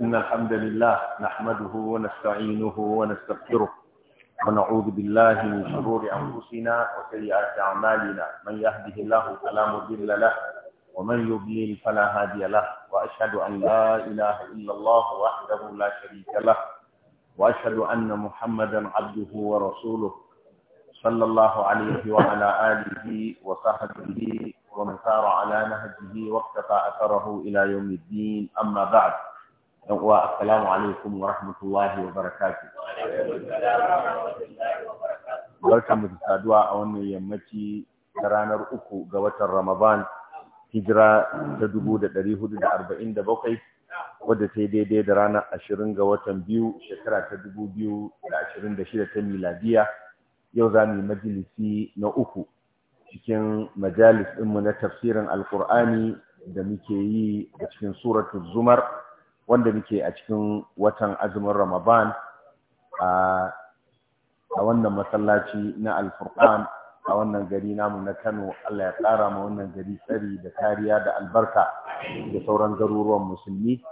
إن الحمد لله نحمده ونستعينه ونستغفره ونعوذ بالله من شرور أنفسنا وسيئات أعمالنا من يهده الله فلا مضل له ومن يضلل فلا هادي له وأشهد أن لا إله إلا الله وحده لا شريك له وأشهد أن محمدا عبده ورسوله صلى الله عليه وعلى آله وصحبه ومن سار على نهجه واقتفى أثره إلى يوم الدين أما بعد yan uwa assalamu alaikum wa rahmatullahi wa barakatu barka mu saduwa a wannan yammaci ta ranar uku ga watan ramadan hijira ta dubu da ɗari hudu da arba'in da bakwai wadda sai daidai da ranar ashirin ga watan biyu shekara ta dubu biyu da ashirin da shida ta miladiya yau za mu yi majalisi na uku cikin majalis ɗinmu na tafsirin alkur'ani da muke yi a cikin suratul zumar wanda muke a cikin watan azumin Ramadan a wannan masallaci na al a wannan gari namu na Kano Allah ya tsara ma wannan gari tsari da kariya da albarka da sauran garuruwan musulmi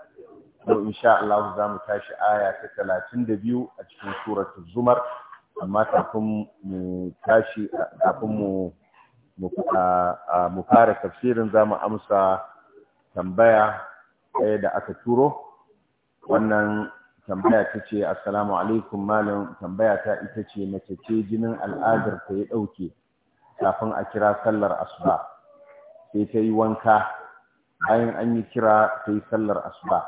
to insha Allah za mu tashi aya ta talatin da biyu a cikin suratul Zumar amma kafin mu tashi kafin mu mu fara tafsirin za mu amsa tambaya ɗaya da aka turo wannan tambaya ta ce assalamu alaikum malam tambaya ta ita ce mace ce jinin al'adar ta ya ɗauke kafin a kira sallar asuba sai ta yi wanka bayan an yi kira ta yi sallar asuba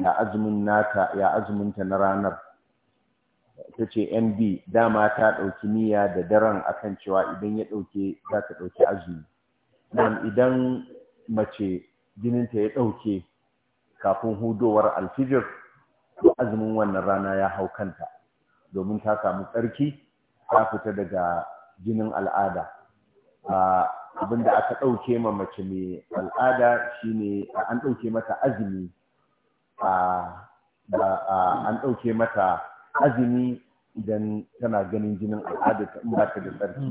ya azumin nata ya azuminta na ranar ta ce NB dama ta ɗauki niyya da daren akan cewa idan ya ɗauke za ta ɗauki azumi idan mace jininta ya ɗauke kafin hudowar alfijir to azumin wannan rana ya hau kanta domin ta samu tsarki ta fita daga jinin al'ada abinda aka ɗauke ma mace mai al'ada shine an ɗauke mata azumi an ɗauke mata azumi idan tana ganin jinin al'ada in ta da tsarki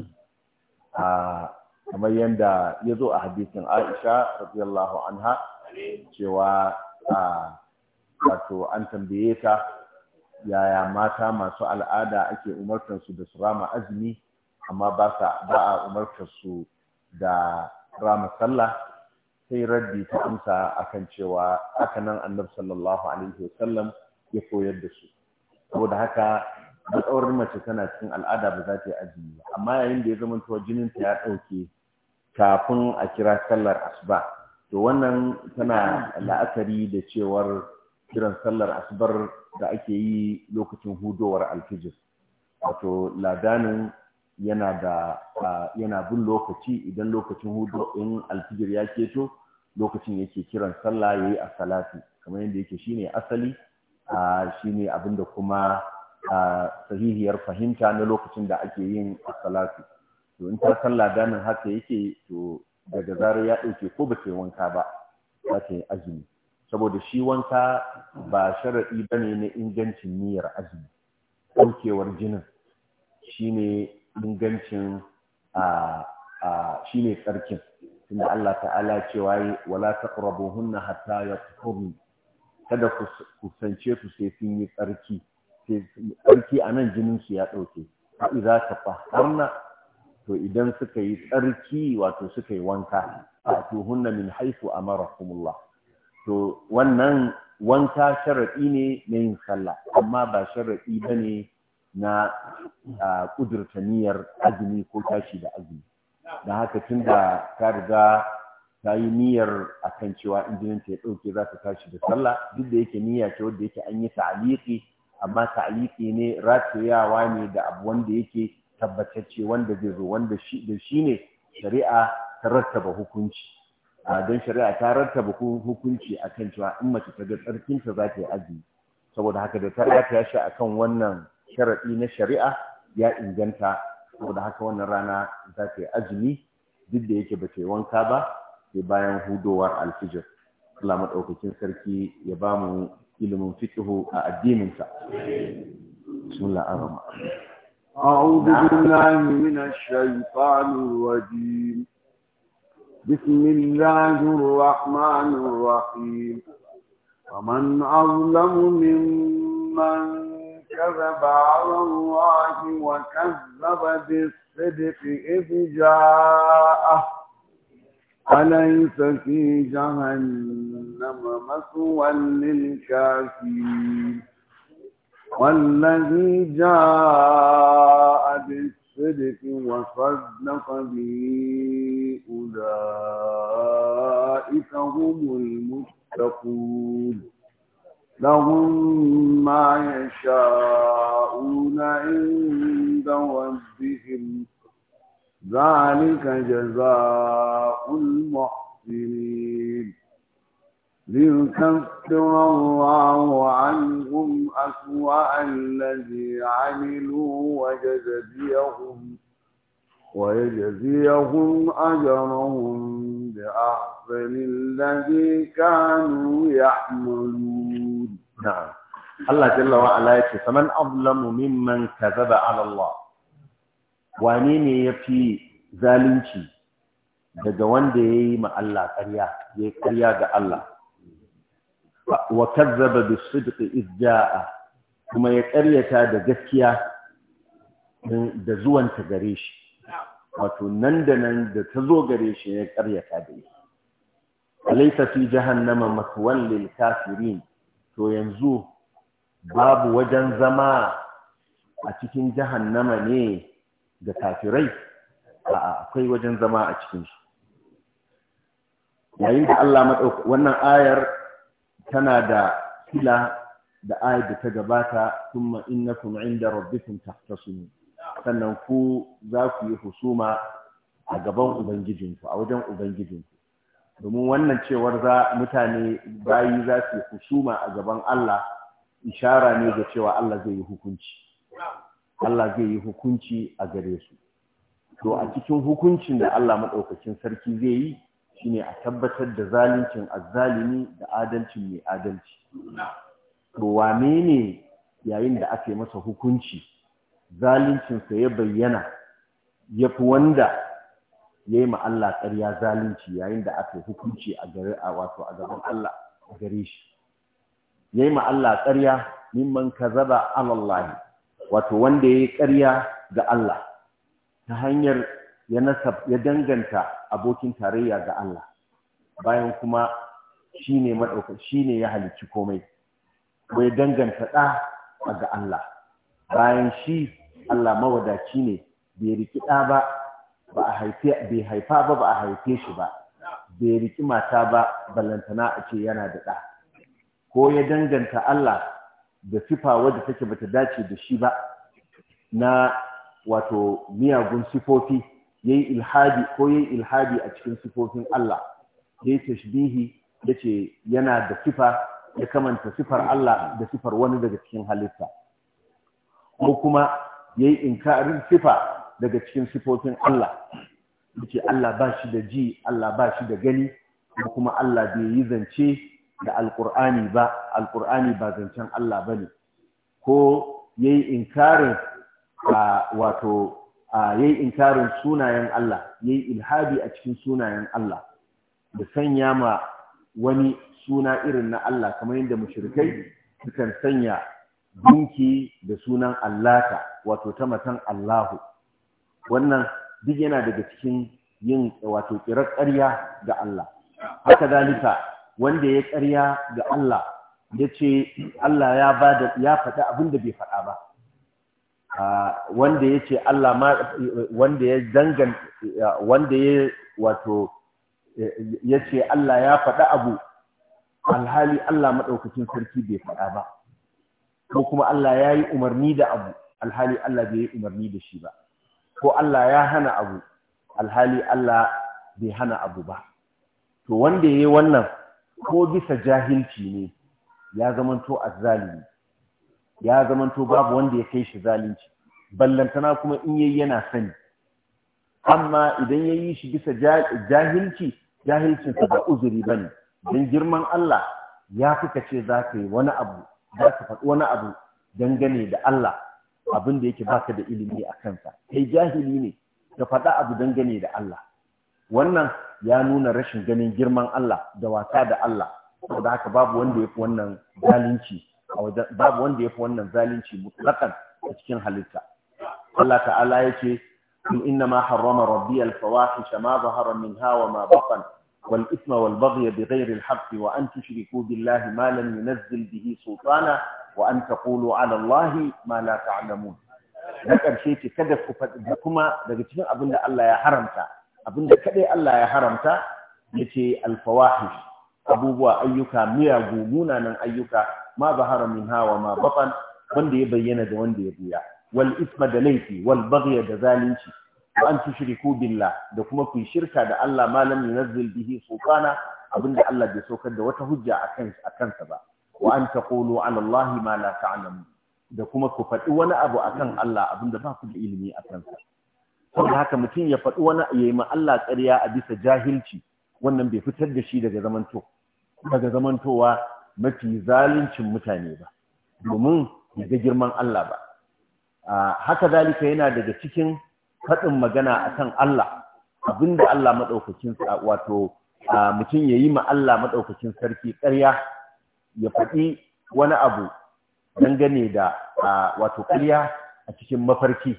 kamar yadda ya zo a hadisin aisha radiyallahu anha cewa a wato an tambaye ta yaya mata masu al'ada ake umartar su da su rama azumi amma ba sa ba a umartar su da rama sallah sai raddi ta amsa akan cewa haka nan annabi sallallahu alaihi wasallam ya koyar da su saboda haka matsawar mace tana cikin al'ada ba za ta yi azumi ba amma yayin da ya zama to jinin ta ya ɗauke kafin a kira sallar asuba to wannan tana la'akari da cewar kiran sallar asubar da ake yi lokacin hudowar alfijir wato ladanin yana da yana bin lokaci idan lokacin hudu in alfijir ya keto lokacin yake kiran sallah yayi a salati kamar yadda yake shine asali shine da kuma sahihiyar fahimta na lokacin da ake yin salati to in ta san ladanin haka yake to daga zarar ya ɗauke ko ba ta yi wanka ba za ta yi azumi saboda shi wanka ba sharaɗi ba ne na ingancin niyyar azumi ɗaukewar jinin shi ne ingancin a shi ne tsarkin tunda Allah ta'ala cewa yi wala hunna hatta yatahurna kada ku kusance su sai sun yi tsarki a tsarki anan jinin ya ɗauke za ka fahimta. to idan suka yi tsarki wato suka yi wanka a tuhunna min a amarakumullah to wannan wanka sharaɗi ne na yin sallah amma ba sharaɗi ba ne na ƙudurta niyyar azumi ko tashi da azumi don haka tun da ta riga ta yi niyyar a kan cewa injininta ya ɗauke za ta tashi da sallah duk da yake niyya ce wadda yake an yi ta'aliki amma ta'aliki ne ratayawa ne da abu wanda yake tabbatacce wanda zai zo wanda shi da shi ne shari'a ta rattaba hukunci don shari'a ta rattaba hukunci akan cewa in mace ta ga tsarkinta za ta yi azumi saboda haka da ta ta shi a kan wannan sharaɗi na shari'a ya inganta saboda haka wannan rana za ta yi azumi duk da yake ba ta yi wanka ba sai bayan hudowar alfijir Allah maɗaukakin sarki ya bamu ilimin fiƙihu a addininsa. Bismillah ar-Rahman. أعوذ بالله من الشيطان الرجيم بسم الله الرحمن الرحيم ومن أظلم ممن كذب على الله وكذب بالصدق إذ جاءه أليس في جهنم مثوى للكافرين والذي جاء بالصدق وصدق به أولئك هم المتقون لهم ما يشاءون عند ربهم ذلك جزاء المحسنين ليكفر الله عنهم أسوأ الذي عملوا ويجزيهم ويجزيهم أجرهم بأحسن الذي كانوا يعملون نعم الله جل وعلا يقول فمن أظلم ممن كذب على الله وانين يفي zalunci daga wanda ya yi ma Allah ƙarya ya yi ƙarya ga Allah wa kazzaba bis sidqi jaa kuma ya ƙaryata da gaskiya da zuwan ta gare shi wato nan da nan da ta zo gare shi ya ƙaryata da shi alaysa fi jahannama maswan lil kafirin to yanzu babu wajen zama a cikin jahannama ne da kafirai a'a akwai wajen zama a cikin shi yayin da Allah madauki wannan ayar tana da sila da ayat da ta gabata kuma innakum inda rabbikum tahtasimu sannan ku za ku yi husuma a gaban ubangijinku a wajen ubangijinku domin wannan cewar za mutane bayi za su yi husuma a gaban Allah ishara ne ga cewa Allah zai yi hukunci Allah zai yi hukunci a gare su to a cikin hukuncin da Allah maɗaukakin sarki zai yi shine a tabbatar da zaluncin azzalimi da adalcin mai adalci to wane ne yayin da aka masa hukunci zaluncinsa ya bayyana ya fi wanda ya yi Allah ƙarya zalunci yayin da aka hukunci a gare a wato a gaban Allah gare shi ya yi Allah ƙarya mimman kazaba alallahi wato wanda ya yi ƙarya ga Allah ta hanyar ya danganta abokin tarayya ga Allah bayan kuma shi ne shi ne ya halicci komai ko danganta ɗa ga Allah bayan shi Allah mawadaci ne bai riki ɗa ba ba a haifa ba ba a haife shi ba bai riki mata ba balantana a ce yana da ɗa ko ya danganta Allah da sifa wadda take bata dace da shi ba na wato miyagun sifofi yayi ilhadi ko yayi ilhadi a cikin sifofin Allah yayi tashbihi yace yana da sifa ya kamanta sifar Allah da sifar wani daga cikin halitta ko kuma yayi inkarin sifa daga cikin sifofin Allah yace Allah ba shi da ji Allah ba shi da gani ko kuma Allah bai yi zance da alqur'ani ba alqur'ani ba zancen Allah bane ko yayi inkarin wato yayi inkarin sunayen Allah yayi ilhadi a cikin sunayen Allah da sanya ma wani suna irin na Allah kamar yadda mushrikai sukan sanya gunki da sunan Allata wato ta matan Allahu wannan duk yana daga cikin yin wato kirar ƙarya ga Allah haka zalika wanda ya ƙarya ga Allah ya ce Allah ya faɗa abin da bai faɗa ba wanda ya ce Allah ma wanda ya faɗa wanda ya wato ya Allah ya faɗi abu alhali Allah maɗaukacin sarki bai faɗa ba ko kuma Allah ya yi umarni da abu alhali Allah bai yi umarni da shi ba ko Allah ya hana abu alhali Allah bai hana abu ba to wanda ya yi wannan ko bisa jahilci ne ya zamanto azzalimi ya zamanto babu wanda ya kai shi zalunci ballantana kuma in yayi yana sani amma idan yayi shi bisa jahilci jahilcin sa ba uzuri bane dan girman Allah ya fuka ce za ka yi wani abu za ka faɗi wani abu dangane da Allah abin da yake baka da ilimi a kansa kai jahili ne ka faɗa abu dangane da Allah wannan ya nuna rashin ganin girman Allah da wasa da Allah saboda haka babu wanda ya wannan zalunci babu wanda ya fi wannan zalunci mutlakan a cikin halitta Allah ta'ala ya ce kun inna ma harrama rabbi al-fawahisha ma zahara minha ma batan wal isma wal baghya bi ghairi al wa an tushriku billahi ma lam bihi sultana wa an taqulu ala Allah ma la ta'lamun na karshe ce kada ku faɗi kuma daga cikin abin da Allah ya haramta abin da Allah ya haramta yace ce fawahish abubuwa ayyuka miyagu munanan ayyuka ma zahara minha wa ma batan wanda ya bayyana da wanda ya biya. wal isma da laifi wal baghya da zalunci wa an tushriku billah da kuma kuyi shirka da Allah ma lam yunzil bihi sultana abinda Allah bai saukar da wata hujja akan akansa ba wa an taqulu ala Allah ma da kuma ku faɗi wani abu akan Allah abinda ba ku da ilimi akan sa saboda haka mutum ya faɗi wani yayi ma Allah ƙarya a bisa jahilci wannan bai fitar da shi daga zamantowa mafi zaluncin mutane ba domin ga girman Allah ba haka zalika yana daga cikin faɗin magana kan Allah abinda Allah madaukakin wato mutum yayi ma Allah maɗaukacin sarki ƙarya ya faɗi wani abu dangane da wato ƙarya a cikin mafarki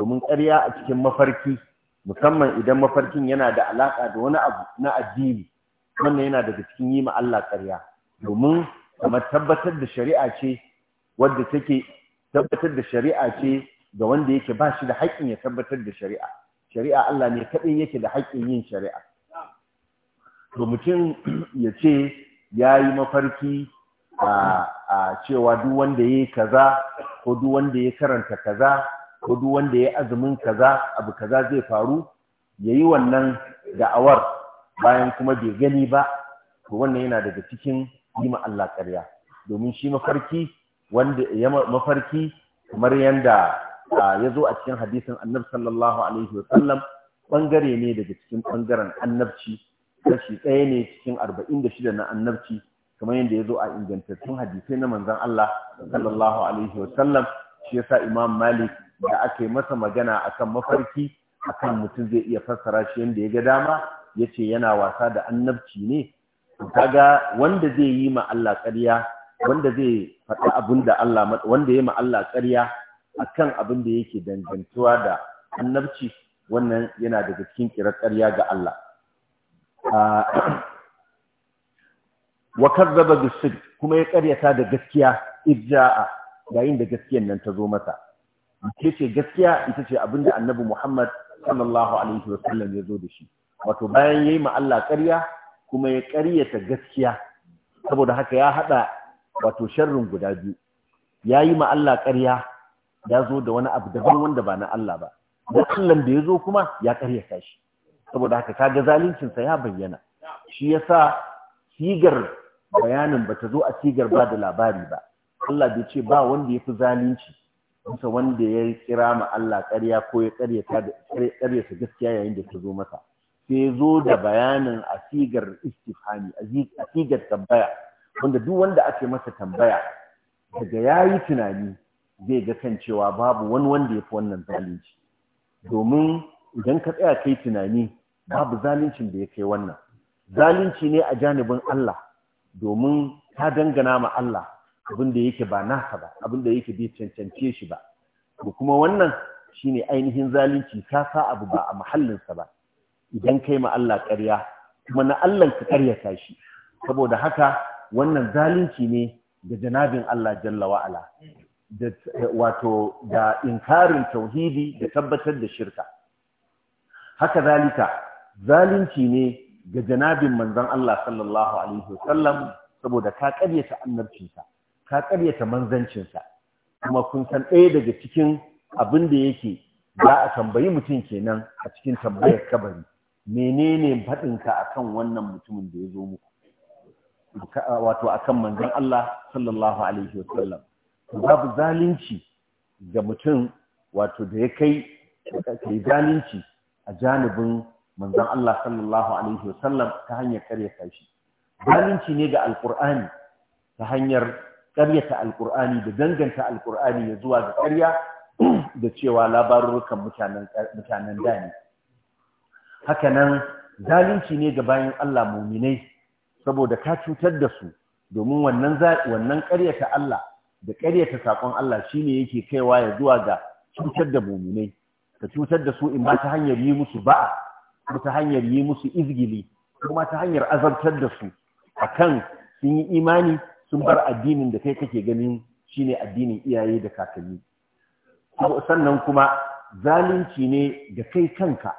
domin ƙarya a cikin mafarki musamman idan mafarkin yana da alaƙa da wani abu na addini wannan yana daga cikin yi ma Allah ƙarya domin kamar tabbatar da shari'a ce wadda take tabbatar da shari'a ce ga wanda yake ba shi da haƙƙin ya tabbatar da shari'a shari'a Allah ne kaɗai yake da haƙƙin yin shari'a to mutum ya ce ya yi mafarki a cewa duk wanda ya yi kaza ko duk wanda ya karanta kaza ko duk wanda ya azumin kaza abu kaza zai faru ya yi wannan da'awar bayan kuma bai gani ba to wannan yana daga cikin yi ma Allah ƙarya domin shi mafarki wanda ya mafarki kamar yadda ya zo a cikin hadisin annabi sallallahu alaihi wasallam bangare ne daga cikin bangaren annabci kashi ɗaya ne cikin arba'in da shida na annabci kamar yadda ya zo a ingantattun hadisai na manzon Allah sallallahu alaihi wasallam shi yasa imam malik da aka yi masa magana akan mafarki akan mutum zai iya fassara shi yadda ya ga dama ya ce yana wasa da annabci ne kaga wanda zai yi ma Allah ƙarya wanda zai faɗa abin da Allah wanda ya yi ma Allah ƙarya akan abin da yake dangantuwa da annabci wannan yana daga cikin kirar ƙarya ga Allah ah, wa kazzaba bisidq kuma ya ƙaryata da gaskiya idja'a yayin da gaskiyan nan ta zo masa ke ce gaskiya ita ce abin da annabi Muhammad sallallahu alaihi wasallam ya zo da shi wato bayan yayi ma Allah ƙarya kuma ya ƙaryata gaskiya saboda haka ya haɗa wato sharrin guda biyu ya yi ma Allah ƙarya ya zo da wani abu daban wanda ba na Allah ba da Allah da ya zo kuma ya ƙaryata shi saboda haka kaga zaluncinsa ya bayyana shi yasa sigar bayanin ba ta zo a sigar ba da labari ba Allah bai ce ba wanda ya fi zalunci wanda ya kira ma Allah ƙarya ko ya ƙaryata gaskiya yayin da ta zo masa sai zo da bayanin asigar istifhami asigar tambaya wanda duk wanda ake masa tambaya daga ya yi tunani zai ga kan cewa babu wani wanda ya fi wannan zalunci domin idan ka tsaya kai tunani babu zaluncin da ya kai wannan zalunci ne a janibin Allah domin ta dangana ma Allah abin da yake ba nasa ba abin da yake bai cancance shi ba to kuma wannan shine ainihin zalunci ka sa abu ba a muhallinsa ba idan kai ma Allah ƙarya kuma na Allah ka ƙaryata shi saboda haka wannan zalunci ne da janabin Allah jalla wa'ala da wato da inkarin tauhidi da tabbatar da shirka haka zalika zalunci ne ga janabin manzon Allah sallallahu alaihi wasallam saboda ka ƙaryata annabcinsa ka ƙaryata manzancinsa kuma kun san ɗaya daga cikin abin da yake za a tambayi mutum kenan a cikin tambayar kabari menene faɗinka akan wannan mutumin da ya zo muku wato akan manzon Allah sallallahu alaihi wasallam babu zalunci ga mutum wato da ya kai kai zalunci a janibin manzon Allah sallallahu alaihi wasallam ta hanyar karyata shi zalunci ne ga alqur'ani ta hanyar karyata alqur'ani da danganta alqur'ani ya zuwa ga karya da cewa labarurrukan mutanen mutanen da ne haka nan zalunci ne ga bayan Allah muminai saboda ka cutar da su domin wannan wannan ƙaryata Allah da ƙaryata saƙon Allah shine yake kaiwa ya zuwa ga cutar da muminai ka cutar da su in ba ta hanyar yi musu ba'a ko ta hanyar yi musu izgili kuma ta hanyar azabtar da su akan sun yi imani sun bar addinin da kai kake ganin shine addinin iyaye da kakanni sannan kuma zalunci ne da kai kanka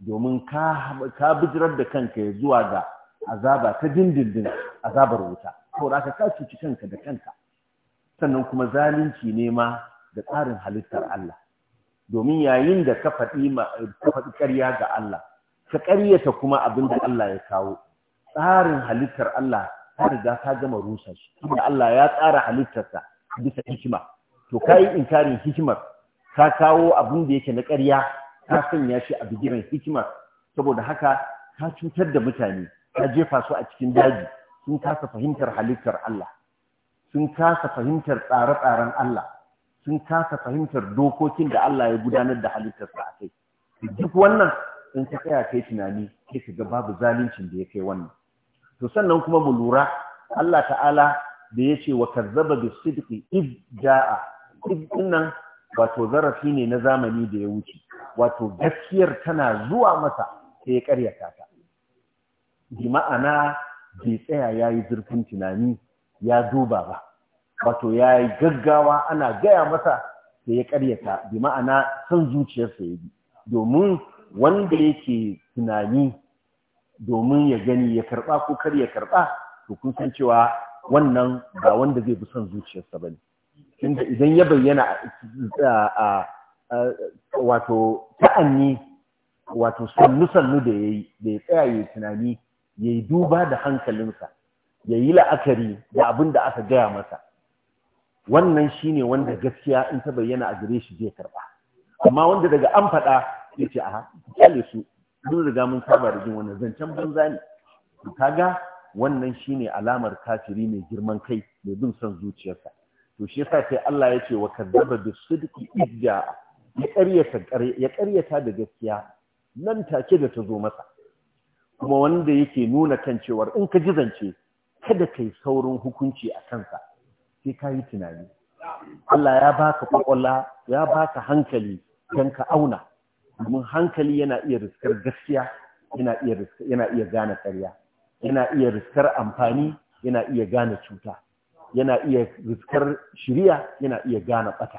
domin ka bijirar da kanka ya zuwa ga azaba ta dindindin azabar wuta saboda haka ka cuci kanka da kanka sannan kuma zalunci ne ma da tsarin halittar Allah domin yayin da ka faɗi ƙarya ga Allah ka karyata kuma abin da Allah ya kawo tsarin halittar Allah ta riga ta gama rusa shi tunda Allah ya tsara halittarsa bisa hikima to kai inkarin hikimar ka kawo abin da yake na karya? ka sanya shi a bigiran hikima saboda haka ka cutar da mutane ka jefa su a cikin daji sun kasa fahimtar halittar Allah sun kasa fahimtar tsare-tsaren Allah sun kasa fahimtar dokokin da Allah ya gudanar da halittarsa a kai duk wannan in ka tsaya kai tunani sai ka ga babu zaluncin da ya kai wannan to sannan kuma mu lura Allah ta'ala da ya ce wa kazzaba bis sidqi id jaa wato zarafi ne na zamani da ya wuce wato gaskiyar tana zuwa masa ta ya karyata ta bi ma'ana bai tsaya ya yi zurfin tunani ya duba ba wato ya yi gaggawa ana gaya masa ta ya karyata bi ma'ana son zuciyarsa ya bi domin wanda yake tunani domin ya gani ya karba ko kar ya karba to kun san cewa wannan ba wanda zai bi son zuciyarsa ba ne. tunda idan ya bayyana a wato ta'anni wato sannu-sannu da ya yi da ya tsaya ya tunani ya yi duba da hankalinsa ya yi la'akari da abin da aka gaya masa wannan shi ne wanda gaskiya in ta bayyana a gare shi zai karba. amma wanda daga an faɗa ya ce aha kyale su duk riga mun saba da jin wannan zancen banza ne kaga wannan shi ne alamar kafiri mai girman kai mai bin son zuciyarsa to shi yasa sai Allah ya ce wa bi sidqi idda ya ƙaryata ya ƙaryata da gaskiya nan take da ta zo masa kuma wanda yake nuna kan cewar in ka jizance kada kai saurin hukunci a kansa sai ka yi tunani Allah ya baka kwakwala ya baka hankali dan ka auna domin hankali yana iya riskar gaskiya yana iya gane ƙarya yana iya riskar amfani yana iya gane cuta yana iya riskar shiriya yana iya gane ɓata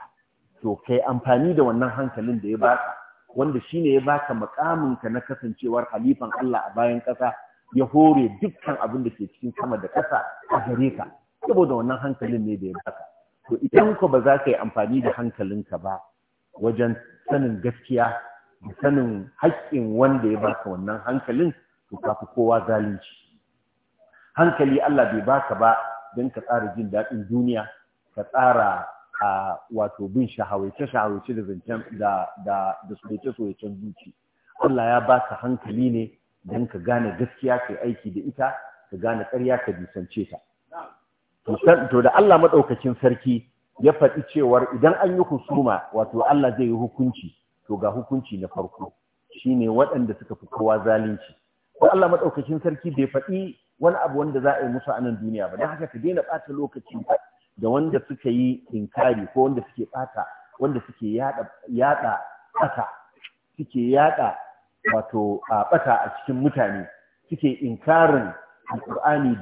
to kai amfani da wannan hankalin da ya baka wanda shine ya baka makamin ka na kasancewar halifan Allah a bayan ƙasa ya hore dukkan abin da ke cikin sama da ƙasa a gare ka saboda wannan hankalin ne da ya baka to idan ko ba za ka yi amfani da hankalin ka ba wajen sanin gaskiya da sanin haƙƙin wanda ya baka wannan hankalin to kafi kowa zalunci hankali Allah bai baka ba don ka tsara jin daɗin duniya ka tsara a wato bin shahawace-shahawace da zancen da da da soyace-soyacen zuci Allah ya ba ka hankali ne don ka gane gaskiya kai aiki da ita ka gane ƙarya ka bisance ta to da Allah maɗaukacin sarki ya faɗi cewar idan an yi husuma wato Allah zai yi hukunci to ga hukunci na farko shine waɗanda suka fi kowa zalunci ko Allah maɗaukacin sarki bai faɗi wani abu wanda za a yi musu a nan duniya ba don haka ka daina ɓata lokaci da wanda suka yi inkari ko wanda suke ɓata wanda suke yaɗa ɓata suke yaɗa wato ɓata a cikin mutane suke inkarin alƙur'ani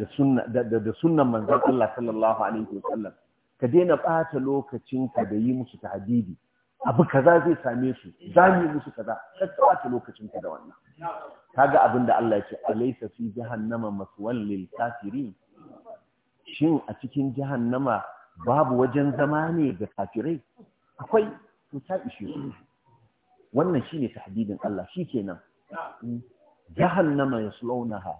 da da sunnan manzon Allah sallallahu alaihi wasallam ka daina ɓata lokacinka da yi musu tahdidi abu kaza zai same su yi musu kaza ka ɓata lokacinka da wannan kaga abin da Allah ya ce alaysa fi jahannama maswal lil kafirin shin a cikin jahannama babu wajen zama ne ga kafirai akwai to ta ishe wannan shine tahdidin Allah shikenan jahannama yaslawnaha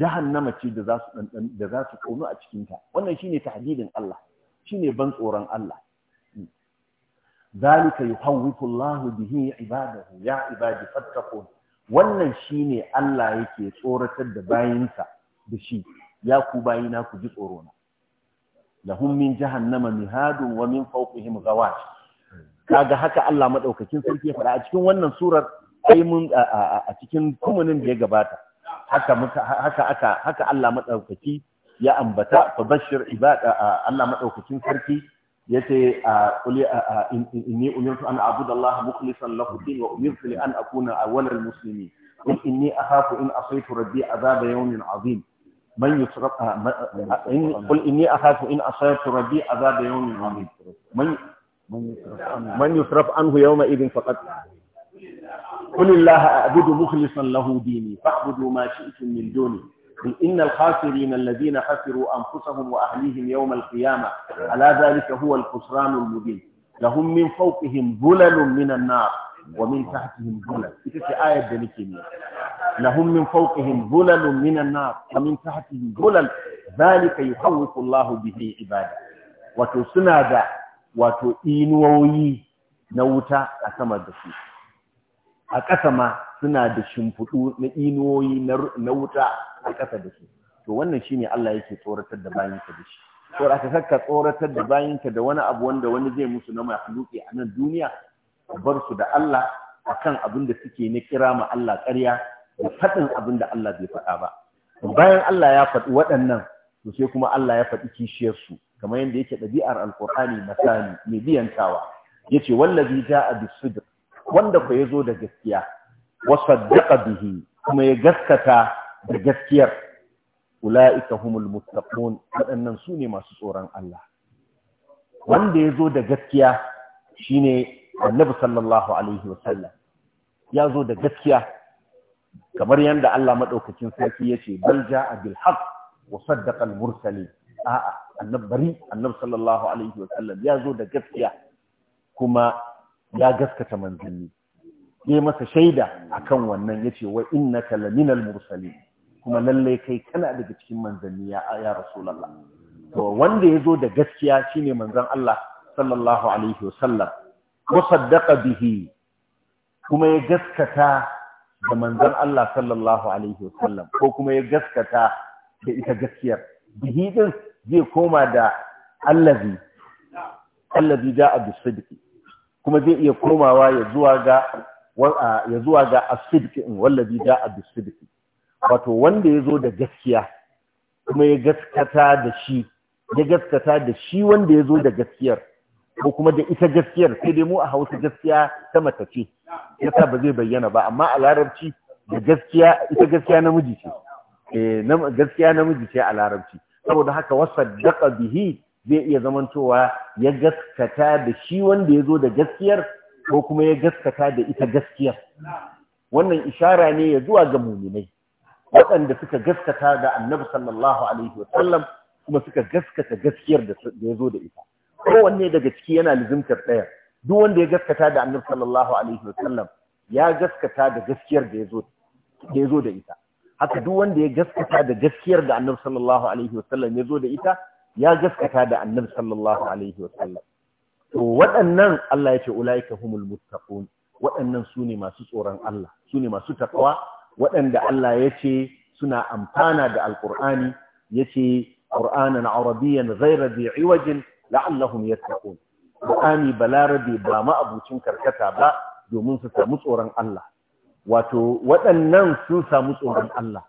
jahannama ce da zasu da za su a cikin ta wannan shine tahdidin Allah shine ban tsoron Allah zalika yuhawwifu Allahu bihi ibadahu ya ibadi fattaqun wannan shi ne Allah yake tsoratar da bayinsa da shi ya ku bayina ku ji tsoro na lahum min jahannama mihadun wa min fawqihim ghawash kaga haka Allah madaukakin sarki ya faɗa a cikin wannan surar sai mun a cikin kumunin da ya gabata haka muka haka aka haka Allah madaukaki ya ambata fa bashir ibada Allah madaukakin sarki yace a quli inni umirtu an a'budu Allah mukhlishan lahu din wa umirtu li an akuna awwalal muslimin qul inni akhafu in asaytu rabbi azaba yawmin azim من يصرف قل إني أخاف إن أصيبت ربي عذاب يوم عظيم من من يصرف عنه يومئذ فقد قل إن الخاسرين الذين خسروا أنفسهم وأهليهم يوم القيامة على ذلك هو الخسران المبين لهم من فوقهم ظلل من النار ومن تحتهم ظلل إذا آية دليل لهم من فوقهم ظلل من النار ومن تحتهم ظلل ذلك يخوف الله به عباده وتسنى ذا وتئنوي نوتا أسمى الدسوس أكسما سنى دشمفتو نئنوي نوتا a ƙasa da su to wannan shine Allah yake tsoratar da bayinka da shi to aka saka tsoratar da bayinka da wani abu wanda wani zai musu na mahluki a nan duniya bar su da Allah akan abin da suke na kira ma Allah ƙarya da faɗin abin da Allah bai faɗa ba bayan Allah ya faɗi waɗannan to sai kuma Allah ya faɗi kishiyar su kamar yadda yake ɗabi'ar alƙur'ani sani mai biyantawa yace wallazi ja'a bis-sidq wanda ko zo da gaskiya wa saddaqa bihi kuma ya gaskata da gaskiyar ula'ika humul muttaqun waɗannan su ne masu tsoron Allah wanda ya zo da gaskiya shine annabi sallallahu alaihi wasallam ya zo da gaskiya kamar yadda Allah madaukakin sarki yace ce, Balja a haqq wa saddaqa al a'a annabi bari annabi sallallahu alaihi wasallam ya zo da gaskiya kuma ya gaskata manzanni ya masa shaida akan wannan yace wa innaka laminal mursali kuma lalle kai kana daga cikin manzanni ya ya rasulullah to wanda yazo da gaskiya shine manzon Allah sallallahu alaihi wasallam musaddaqa bihi kuma ya gaskata da manzon Allah sallallahu alaihi wasallam ko kuma ya gaskata da ita gaskiyar bihi din zai koma da allazi allazi da'a bisidqi kuma zai iya komawa ya zuwa ga ya zuwa ga as-sidqi wallazi da'a bisidqi wato wanda ya zo da gaskiya kuma ya gaskata da shi ya gaskata da shi wanda ya zo da gaskiyar ko kuma da ita gaskiyar sai dai mu a hausa gaskiya ta matace yasa ba zai bayyana ba amma a larabci da gaskiya ita gaskiya namiji ce eh, gaskiya namiji ce a larabci saboda haka wasa daka bihi zai iya zamantowa ya gaskata da shi wanda ya zo da gaskiyar ko kuma ya gaskata da ita gaskiyar wannan ishara ne ya zuwa ga muminai waɗanda suka gaskata da annabi sallallahu alaihi wasallam kuma suka gaskata gaskiyar da ya zo da ita kowanne daga ciki yana lizimtar ɗaya duk wanda ya gaskata da annabi sallallahu alaihi wasallam ya gaskata da gaskiyar da ya zo da ita haka duk wanda ya gaskata da gaskiyar da annabi sallallahu alaihi wasallam ya zo da ita ya gaskata da annabi sallallahu alaihi wasallam to waɗannan Allah ya ce ulaika humul muttaqun waɗannan su ne masu tsoron Allah su ne masu taqwa waɗanda Allah ya ce suna amfana da alƙur'ani ya ce ƙur'anan zai zaira bi iwajin ya yattaqun ƙur'ani larabe ba ma'abucin karkata ba domin su samu tsoron Allah wato waɗannan sun samu tsoron Allah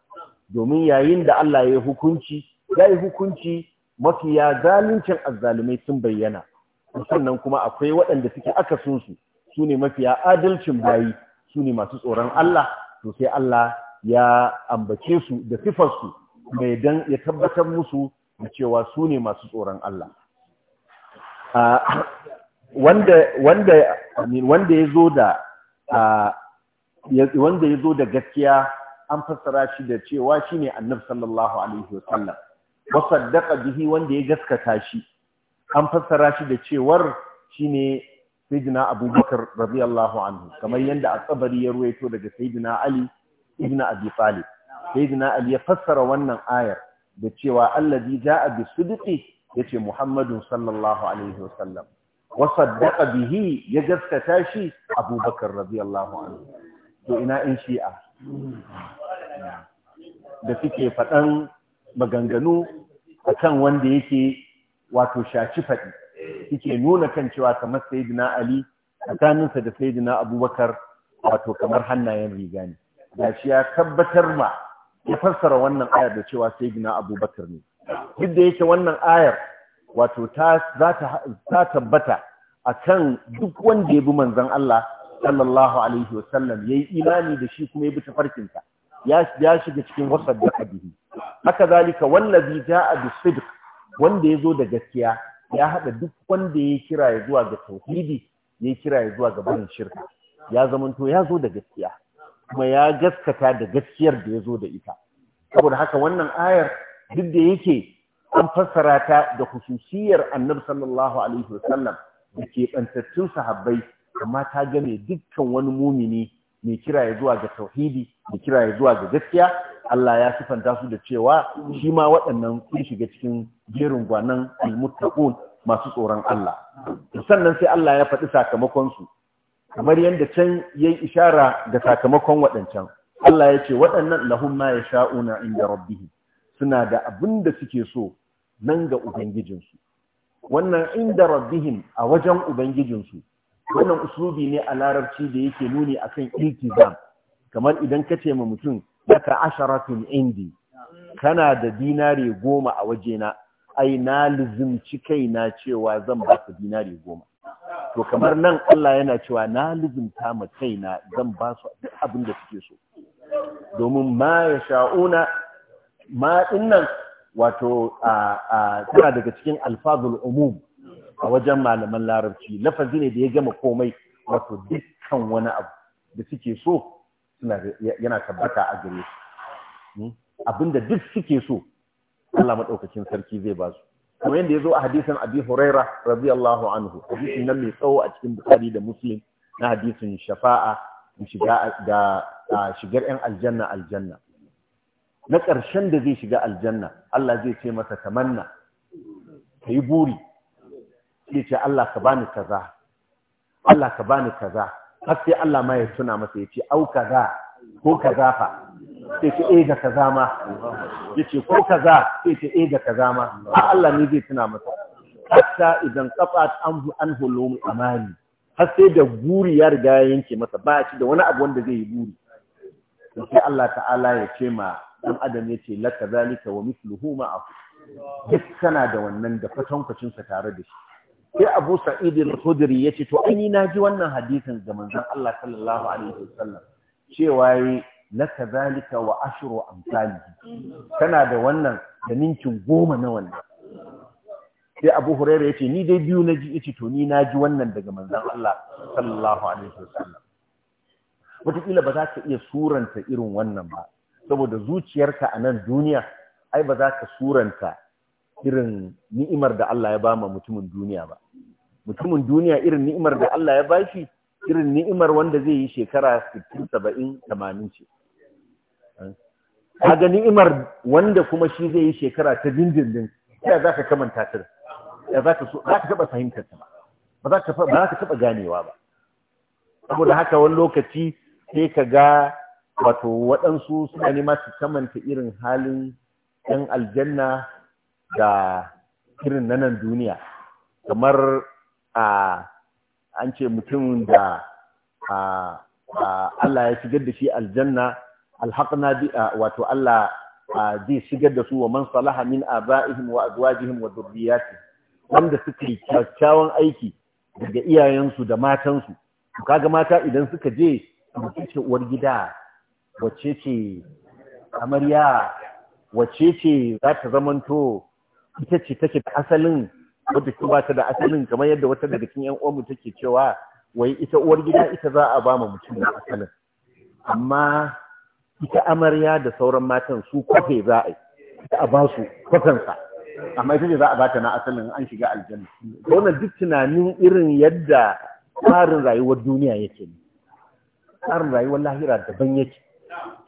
domin yayin da Allah ya yi hukunci ya yi hukunci mafiya zaluncin azzalumai sun bayyana sannan kuma akwai waɗanda suke akasunsu su ne mafiya adalcin bayi su ne masu tsoron Allah to sai Allah ya ambace su da su, mai dan ya tabbatar musu da cewa su ne masu tsoron Allah wanda wanda ya zo da gaskiya an fassara shi da cewa shine annabi sallallahu alaihi wasallam wa saddaqa bihi wanda ya gaskata shi an fassara shi da cewar shine sayyidina abubakar radiyallahu anhu kamar yadda a tsabari ya ruwaito daga sayyidina ali ibn abi talib sayyidina ali ya fassara wannan ayar da cewa allazi jaa bi sidqi yace muhammadu sallallahu alaihi wasallam wa saddaqa bihi ya gaskata shi abubakar radiyallahu anhu to ina in shi'a da suke faɗan maganganu akan wanda yake wato shaci faɗi Suke nuna kan cewa kamar sayyidina ali tsakaninsa da sayyidina abubakar wato kamar hannayen riga ne da shi ya tabbatar ma ya fassara wannan ayar da cewa sayyidina abubakar ne duk da yake wannan ayar wato ta ta tabbata kan duk wanda ya bi manzon Allah sallallahu alaihi wa sallam yayi imani da shi kuma ya bi sa ya shiga cikin wasad da hadihi haka zalika wallazi jaa bisidq wanda yazo da gaskiya ya haɗa duk wanda ya kira ya zuwa ga tauhidi ya kira ya zuwa ga barin shirka ya zamanto ya zo da gaskiya kuma ya gaskata da gaskiyar da ya zo da ita saboda haka wannan ayar duk da yake an fassara ta da hususiyar annabi sallallahu alaihi wasallam da ke sahabbai amma ta game dukkan wani mumini mai kira ya zuwa ga tauhidi da kira zuwa ga gaskiya Allah ya sifanta su da cewa shi ma waɗannan sun shiga cikin jerin gwanan almuttaqun masu tsoron Allah sannan sai Allah ya faɗi sakamakon su kamar yadda can yayi ishara ga sakamakon waɗancan Allah ya ce waɗannan lahum ma yasha'una inda rabbihim suna da abin da suke so nan ga ubangijinsu wannan inda rabbihim a wajen ubangijinsu wannan uslubi ne a larabci da yake nuni akan iltizam kamar idan ka ce ma mutum daga asharatun indi kana da dinari goma a wajena ai na lizimci na cewa zan ba su dinari goma to kamar nan Allah yana cewa na lizimta ma na zan ba su duk abin da suke so domin ma ya sha'una ma dinnan wato a tana daga cikin alfazul umum a wajen malaman larabci lafazi ne da ya gama komai wato dukkan wani abu da suke so yana tabbata a gare su hmm? abinda duk suke so Allah madaukakin sarki zai ba su kuma yanda yazo a hadisin Abi Huraira radiyallahu anhu hadisin nan mai tsawo a cikin Bukhari da Muslim na hadisin shafa'a shiga da shigar yan aljanna aljanna na ƙarshen da zai shiga aljanna Allah zai ce masa tamanna kai buri zai ce Allah ka bani kaza Allah ka bani kaza har sai Allah ma ya tuna masa ya ce au kaza ko kaza fa sai ce eh kaza ma ya ce ko kaza sai ce eh kaza ma har Allah ne zai tuna masa hatta idan kafa anhu anhu lum amani har sai da guri ya riga ya yanke masa ba shi da wani abu wanda zai yi guri sai Allah ta'ala ya ce ma dan adam ya ce laka zalika wa mithluhu ma'a duk kana da wannan da fatankwacinsa tare da shi sai Abu Sa'id al-Khudri yace to ai na ji wannan hadisin ga manzon Allah sallallahu alaihi wasallam cewa yi laka zalika wa ashru amsali tana da wannan da ninkin goma na wannan sai Abu Hurairah yace ni dai biyu na ji yace to ni na ji wannan daga manzon Allah sallallahu alaihi wasallam wataƙila ba za ka iya suranta irin wannan ba saboda zuciyarka a nan duniya ai ba za ka suranta irin ni'imar da Allah ya ba ma mutumin duniya ba mutumin duniya irin ni'imar da Allah ya ba shi irin ni'imar wanda zai yi shekara 60 70 80 ce kaga ni'imar wanda kuma shi zai yi shekara ta dindindin ya za ka kamanta ta ya za ka so za ka taba fahimtar ta ba ba za ka taba ganewa ba saboda haka wani lokaci sai ka ga wato waɗansu suna nema su kamanta irin halin 'yan aljanna da irin na nan duniya kamar a an ce mutum da Allah ya shigar da shi aljanna alhaqna bi wato Allah zai shigar da su wa man salaha min abaihim wa azwajihim wa dhurriyyati wanda suka yi kyakkyawan aiki daga iyayensu da matansu to kaga mata idan suka je wace ce uwar gida wace ce amarya wace ce za ta zamanto ita ce take da asalin wadda ba ta da asalin kamar yadda wata daga cikin yan uwanmu take cewa wai ita uwar gida ita za a ba mu mutum da asalin amma ita amarya da sauran matan su kofe za a yi ita a ba su kwafensa amma ita ce za a ba ta na asalin an shiga aljanna wannan duk tunanin irin yadda tsarin rayuwar duniya yake ne tsarin rayuwar lahira daban yake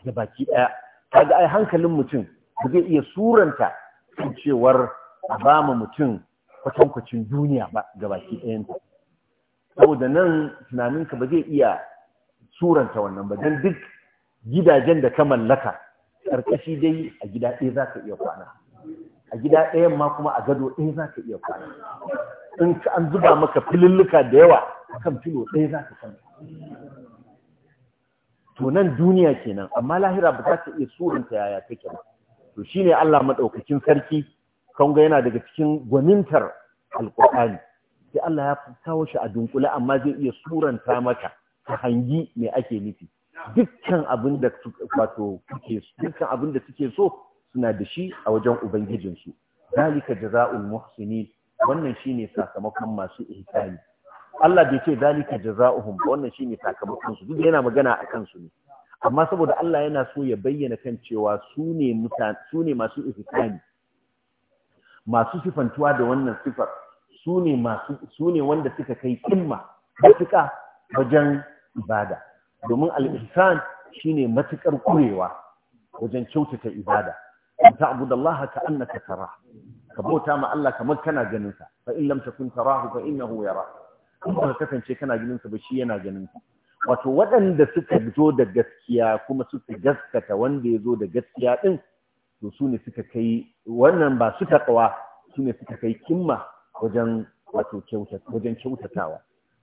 da baki ɗaya kaga ai hankalin mutum zai iya suranta kan cewar a ba mu mutum kwatankwacin duniya ba ga baki ɗayanta saboda nan tunaninka ba zai iya suranta wannan ba don duk gidajen da ka mallaka ƙarƙashi dai a gida ɗaya za ka iya kwana a gida ɗayan ma kuma a gado ɗaya za ka iya kwana in ka an zuba maka filulluka da yawa kan filo ɗaya za ka kwana to nan duniya kenan amma lahira ba za ta iya suranta yaya take ba to shine Allah maɗaukacin sarki kan ga yana daga cikin gwanintar alqur'ani sai Allah ya fita shi a dunkule amma zai iya suranta maka ta hangi me ake nufi dukkan abin da wato kuke dukkan abin da suke so suna da shi a wajen ubangijinsu zalika jazaa'ul muhsini wannan shine sakamakon masu ihsani Allah bai ce zalika jazaohum wannan shine sakamakon su duk yana magana a kansu ne amma saboda Allah yana so ya bayyana kan cewa su ne masu ihsani masu sifantuwa da wannan sifar su wanda suka kai kimma matuƙa wajen ibada domin al-ihsan shine matuƙar kurewa wajen kyautata ibada Abudallah ka Annaka tara, ka bauta ma Allah kamar kana ganinsa. sa fa in lam takun tarahu fa innahu yara Kuma ka kasance kana ganin sa ba shi yana ganin ka wato waɗanda suka zo da gaskiya kuma suka gaskata wanda ya zo da gaskiya ɗin to su ne suka kai wannan ba su taɓawa su ne suka kai kimma wajen wato wajen kyautatawa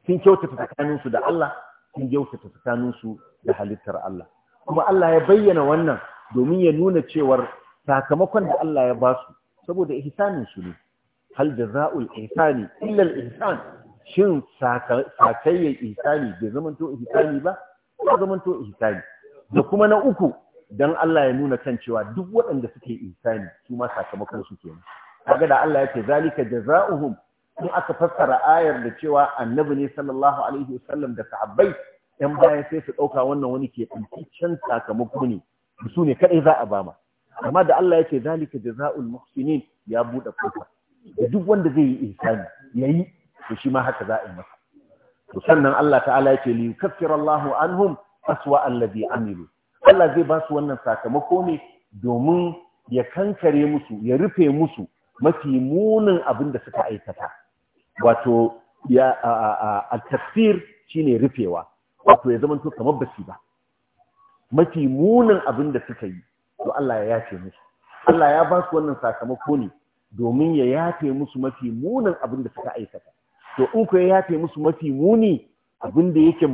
sun kyautata tsakaninsu da Allah sun kyautata tsakaninsu da halittar Allah kuma Allah ya bayyana wannan domin ya nuna cewar sakamakon da Allah ya ba su saboda ihsanin su ne hal jaza'ul ihsani illa al ihsan shin sakayyar ihsani bai zamanto ihsani ba a zamanto ihsani da kuma na uku dan Allah ya nuna kan cewa duk waɗanda suke ihsani su ma sakamakon su kenan kaga da Allah yake zalika jazaohum in aka fassara ayar da cewa annabi ne sallallahu alaihi wasallam da sahabbai yan bayan sai su ɗauka wannan wani ke tsintaccen sakamako ne su ne kadai za a ba ma. amma da Allah yake zalika jazaul muhsinin ya bude kofa da duk wanda zai yi ihsani yayi to shi ma haka za a yi masa to sannan Allah ta'ala yake li yukaffir Allahu anhum aswa alladhi amilu Allah zai ba su wannan sakamako ne domin ya kankare musu ya rufe musu mafi munin abin da suka aikata wato ya al-tafsir shine rufewa wato ya zama to kamar basi ba mafi munin abin da suka yi to Allah ya yafe musu Allah ya ba su wannan sakamako ne domin ya yafe musu mafi munin abin da suka aikata to in ku ya yafe musu mafi muni abin da yake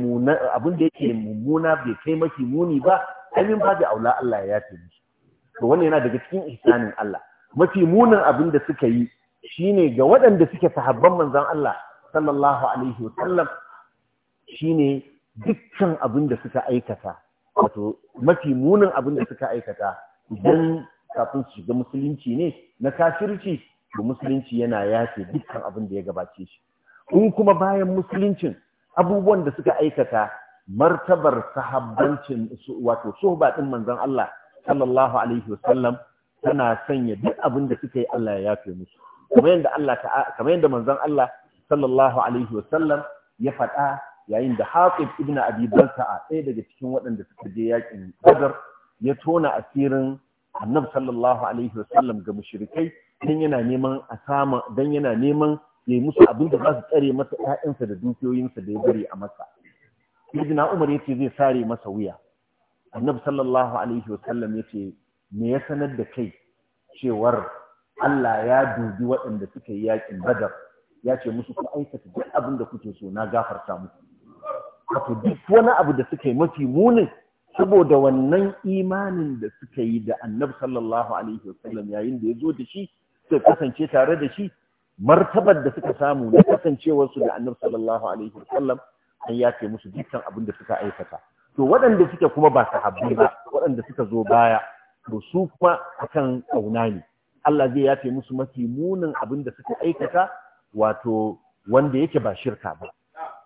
mummuna bai kai mafi muni ba amin ba da aula Allah ya yafe musu to wannan yana daga cikin ihsanin Allah mafi munin abin da suka yi shine ga waɗanda suke sahabban manzon Allah sallallahu alaihi wa sallam shine dukkan abin da suka aikata wato mafi munin abin da suka aikata idan kafin su shiga musulunci ne na kafirci to musulunci yana yafe dukkan abin da ya gabace shi in kuma bayan musuluncin abubuwan da suka aikata martabar sahabbancin wato sohba din manzon Allah sallallahu alaihi wasallam tana sanya duk abin da suka yi Allah ya yafe musu kamar yadda Allah kamar yanda manzon Allah sallallahu alaihi wasallam ya faɗa yayin da Hafiz ibn Abi a ɗaya daga cikin waɗanda suka je yakin Badr ya tona asirin Annabi sallallahu alaihi wasallam ga mushrikai dan yana neman a sama dan yana neman ya yi musu abin da za su tsare masa ‘ya'yansa da dukiyoyinsa da ya bari a masa. Sayyidina Umar ya ce zai sare masa wuya. Annabi sallallahu alaihi sallam ya ce me ya sanar da kai cewar Allah ya dubi waɗanda suka yi yaƙin Badar ya ce musu ku aikata duk abin da kuke so na gafarta muku. Wato duk wani abu da suka yi mafi munin saboda wannan imanin da suka yi da Annabi sallallahu alaihi sallam yayin da ya zo da shi suka kasance tare da shi martabar da suka samu na kasancewarsu da annabi sallallahu alaihi wasallam an yace musu dukkan abin da suka aikata to waɗanda suke kuma ba sahabbai ba waɗanda suka zo baya to su kuma akan kauna ne Allah zai yafe musu mafi munin abin da suka aikata wato wanda yake ba shirka ba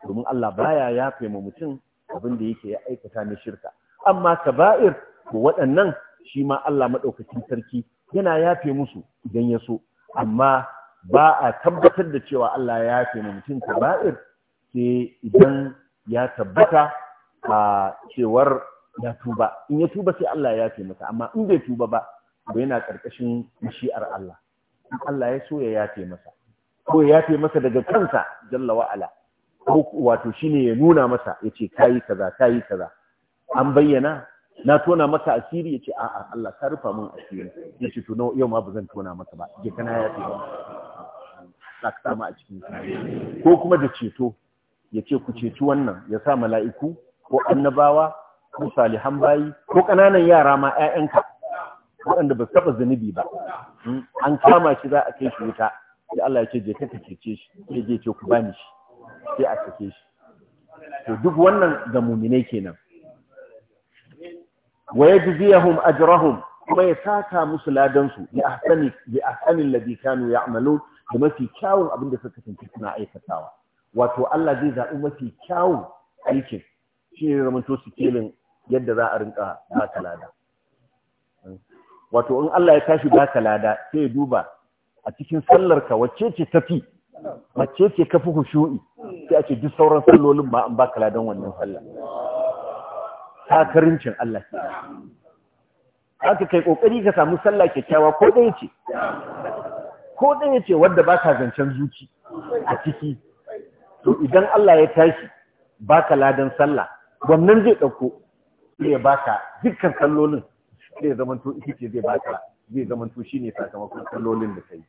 domin Allah baya yafe ma mutum abin da yake ya aikata na shirka amma kaba'ir to waɗannan shi ma Allah madaukakin sarki yana yafe musu idan ya so amma ba a tabbatar da cewa Allah ya yafe ma mutum kaba'ir sai idan ya tabbata a cewar ya tuba in ya tuba sai Allah ya yafe masa amma in bai tuba ba ba yana karkashin mashi'ar Allah in Allah ya so ya yafe masa ko ya yafe masa daga kansa jalla wa'ala. ala ko wato shine ya nuna masa yace kai kaza kai kaza an bayyana na tona masa asiri yace a'a Allah ka rufa min asiri yace to yau ma ba zan tona masa ba je kana yafe masa za a cikin ko kuma da ceto ya ce ku ceci wannan ya sa mala'iku ko annabawa ko salihan bayi ko ƙananan yara ma 'ya'yanka waɗanda ba su taɓa zunubi ba hmm? an kama shi za a kai shi wuta sai Allah ya ce je ka cece shi sai je ce ku bani shi sai a cece shi to duk wannan ga muminai kenan wa yajziyahum ajrahum kuma ya saka musu ladan su bi ahsani bi ahsani alladhi kanu ya'malun da mafi kyawun abin da suka kasance suna aikatawa wato Allah zai zaɓi mafi kyawun aikin shi ne to sikilin yadda za a rinka baka lada wato in Allah ya tashi baka lada sai ya duba a cikin sallarka wacce ce tafi wacce ce kafi hushu'i sai a ce duk sauran sallolin ma an baka ladan wannan sallar takarincin Allah ke haka kai kokari ka samu sallah kyakkyawa ko ɗaya ce ko ɗaya ce wadda ba ka zancen zuci a ciki to idan Allah ya tashi ba ka ladan sallah gwamnan zai ɗauko ya ka, dukkan sallolin zai to ita ce zai ba ka, zai shi ne sakamakon sallolin da yi.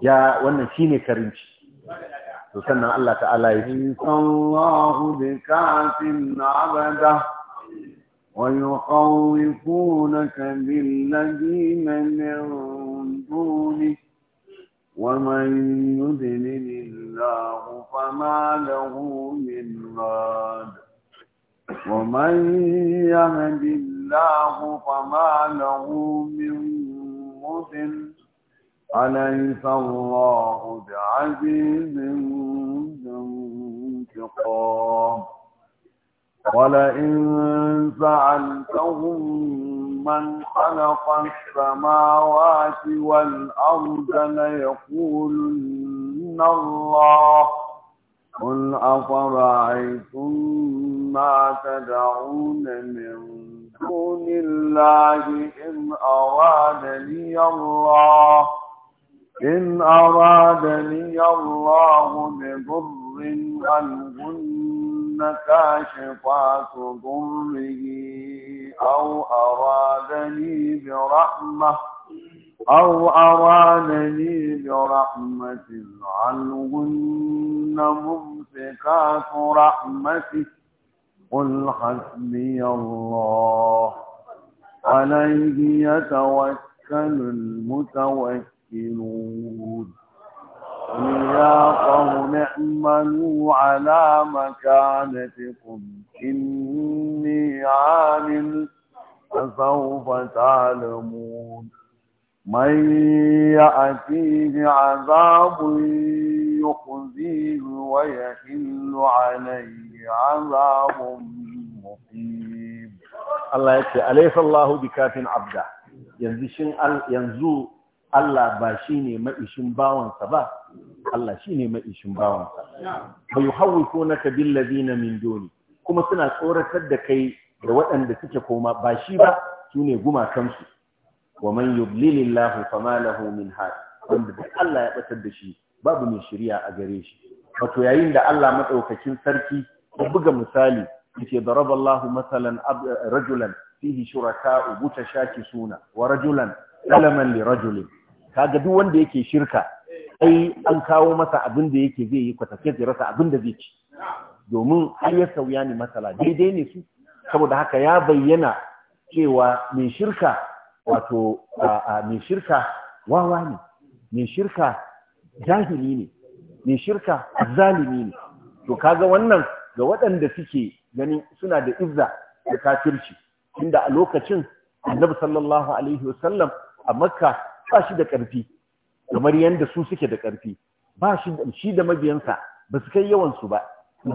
ya wannan shi ne karinci to sannan Allah ta'ala ya ce sallahu bi kafin abada ومن يذلل الله فما له من راد ومن يهد الله فما له من مضل أليس الله بعزيز ذو انتقام ولئن سألتهم من خلق السماوات والأرض ليقولن الله قل أفرأيتم ما تدعون من دون الله إن أرادني الله إن أرادني الله بضر هل كاشفات ضره أو أرادني برحمة أو أرادني برحمة عنهن ممسكات رحمته قل حسبي الله عليه يتوكل المتوكلون يا قوم اعملوا على مكانتكم إني عامل فسوف تعلمون من يأتيه عذاب يخزيه ويحل عليه عذاب مقيم الله يكفي أليس الله بكاف عبده yanzu shin yanzu Allah ba shine maishin bawansa ba Allah shine maishin bawansa ko na bil ladina min duni kuma suna tsoratar da kai da waɗanda suke koma ba shi ba sune gumakansu wa man yublilillahu fama lahu min had wanda duk Allah ya ɓatar da shi babu mai shiriya a gare shi wato yayin da Allah madaukakin sarki ya buga misali yace daraballahu masalan rajulan fihi shuraka'u mutashaakisuna wa rajulan salaman li rajulin kaga duk wanda yake shirka ai an kawo masa abin da yake zai yi kwatafiyar zai rasa abin da zai ci domin har ya sauya ne matsala daidai ne su saboda haka ya bayyana cewa mai shirka wato mai shirka wawa ne mai shirka jahili ne mai shirka zalimi ne to kaga wannan ga waɗanda suke ganin suna da izza da kafirci inda a lokacin annabi sallallahu alaihi wasallam a makka ba shi da ƙarfi kamar yadda su suke da ƙarfi ba shi shi da mabiyansa ba su kai yawan su ba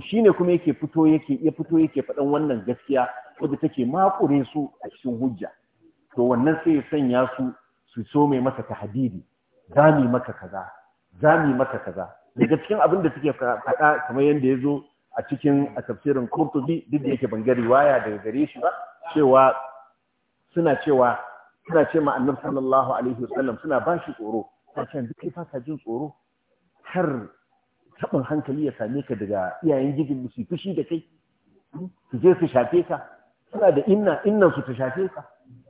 shi ne kuma yake fito yake ya fito yake faɗan wannan gaskiya wadda take makure su a cikin hujja to wannan sai ya sanya su su so mai masa tahdidi zami maka kaza zami maka kaza daga cikin abin da suke faɗa kamar yadda ya zo a cikin a tafsirin Qurtubi duk da yake ban ga riwaya daga gare shi ba cewa suna cewa suna ce annabi sallallahu alaihi wasallam suna ba shi tsoro kasashen duk ya fasa jin tsoro har taɓin hankali ya same ka daga iyayen gidin su fushi da kai su je su shafe ka suna da inna innan su ta shafe ka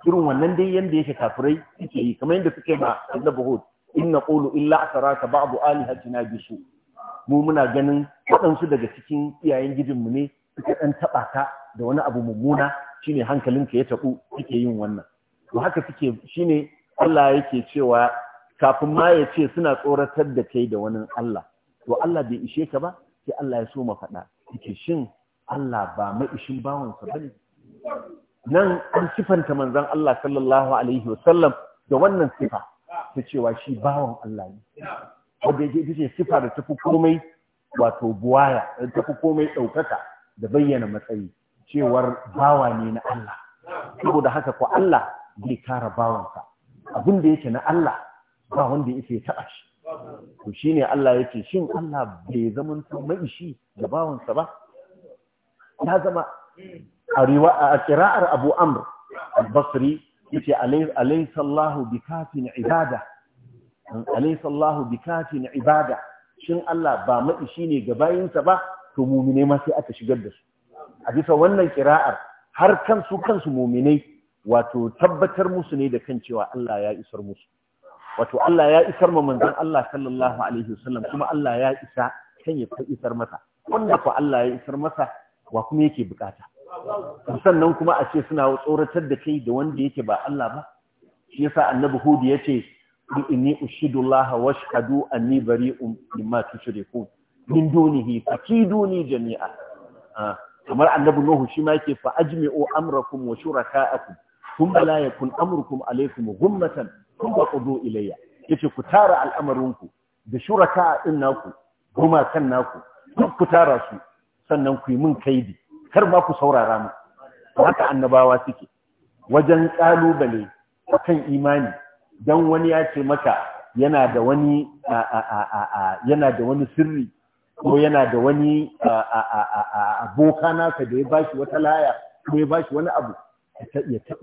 irin wannan dai yanda yake kafirai suke yi kamar yadda suke ma annabi hud inna qulu illa asaraka ba'du alihatina bisu mu muna ganin waɗansu daga cikin iyayen gidinmu ne suka ɗan taɓa ka da wani abu mummuna shine hankalinka ya taɓu suke yin wannan to haka suke shine Allah yake cewa kafin ma ya ce suna tsoratar da kai da wani Allah to Allah bai ishe ka ba sai Allah ya so ma faɗa yake shin Allah ba ma'ishin bawansa ba ne nan an sifanta manzan Allah sallallahu alaihi wasallam da wannan sifa ta cewa shi bawan Allah ne wanda yake ce sifa da tafi komai wato buwaya tafi komai ɗaukaka da bayyana matsayi cewar bawa ne na Allah saboda haka ko Allah zai kara bawansa abin da yake na Allah ba wanda yake taɓa shi to ne Allah ce. shin Allah bai zaman to mai da bawansa ba ya zama a riwa a kira'ar Abu Amr al-Basri yace alaysa Allah bikafin ibada alaysa bikafin ibada shin Allah ba ma'ishi ne ga bayinsa ba to mu'mine ma sai aka shigar da su a bisa wannan kira'ar har kansu kansu mu'minai wato tabbatar musu ne da kan cewa Allah ya isar musu wato Allah ya isar ma manzon Allah sallallahu alaihi wasallam kuma Allah ya isa kan ya isar masa wanda ko Allah ya isar masa wa kuma yake bukata sannan kuma a ce suna tsoratar da kai da wanda yake ba Allah ba shi yasa annabi Hud ya ce inni ushidu Allah wa ashhadu anni bari'un mimma tushrikun min dunihi fakiduni jami'a ah, kamar annabi Nuhu shi ma yake fa ajmi'u amrakum wa shuraka'akum kun la yakun amrukum alaykum ghummatan kuma kudu ilayya yace ku tara al'amarinku da shuraka din naku kuma kan naku duk ku tara su sannan ku yi min kaidi kar ba ku saurara mu haka annabawa suke wajen kalubale kan imani dan wani ya ce maka yana da wani yana da wani sirri ko yana da wani aboka naka da ya bashi wata laya ko ya bashi wani abu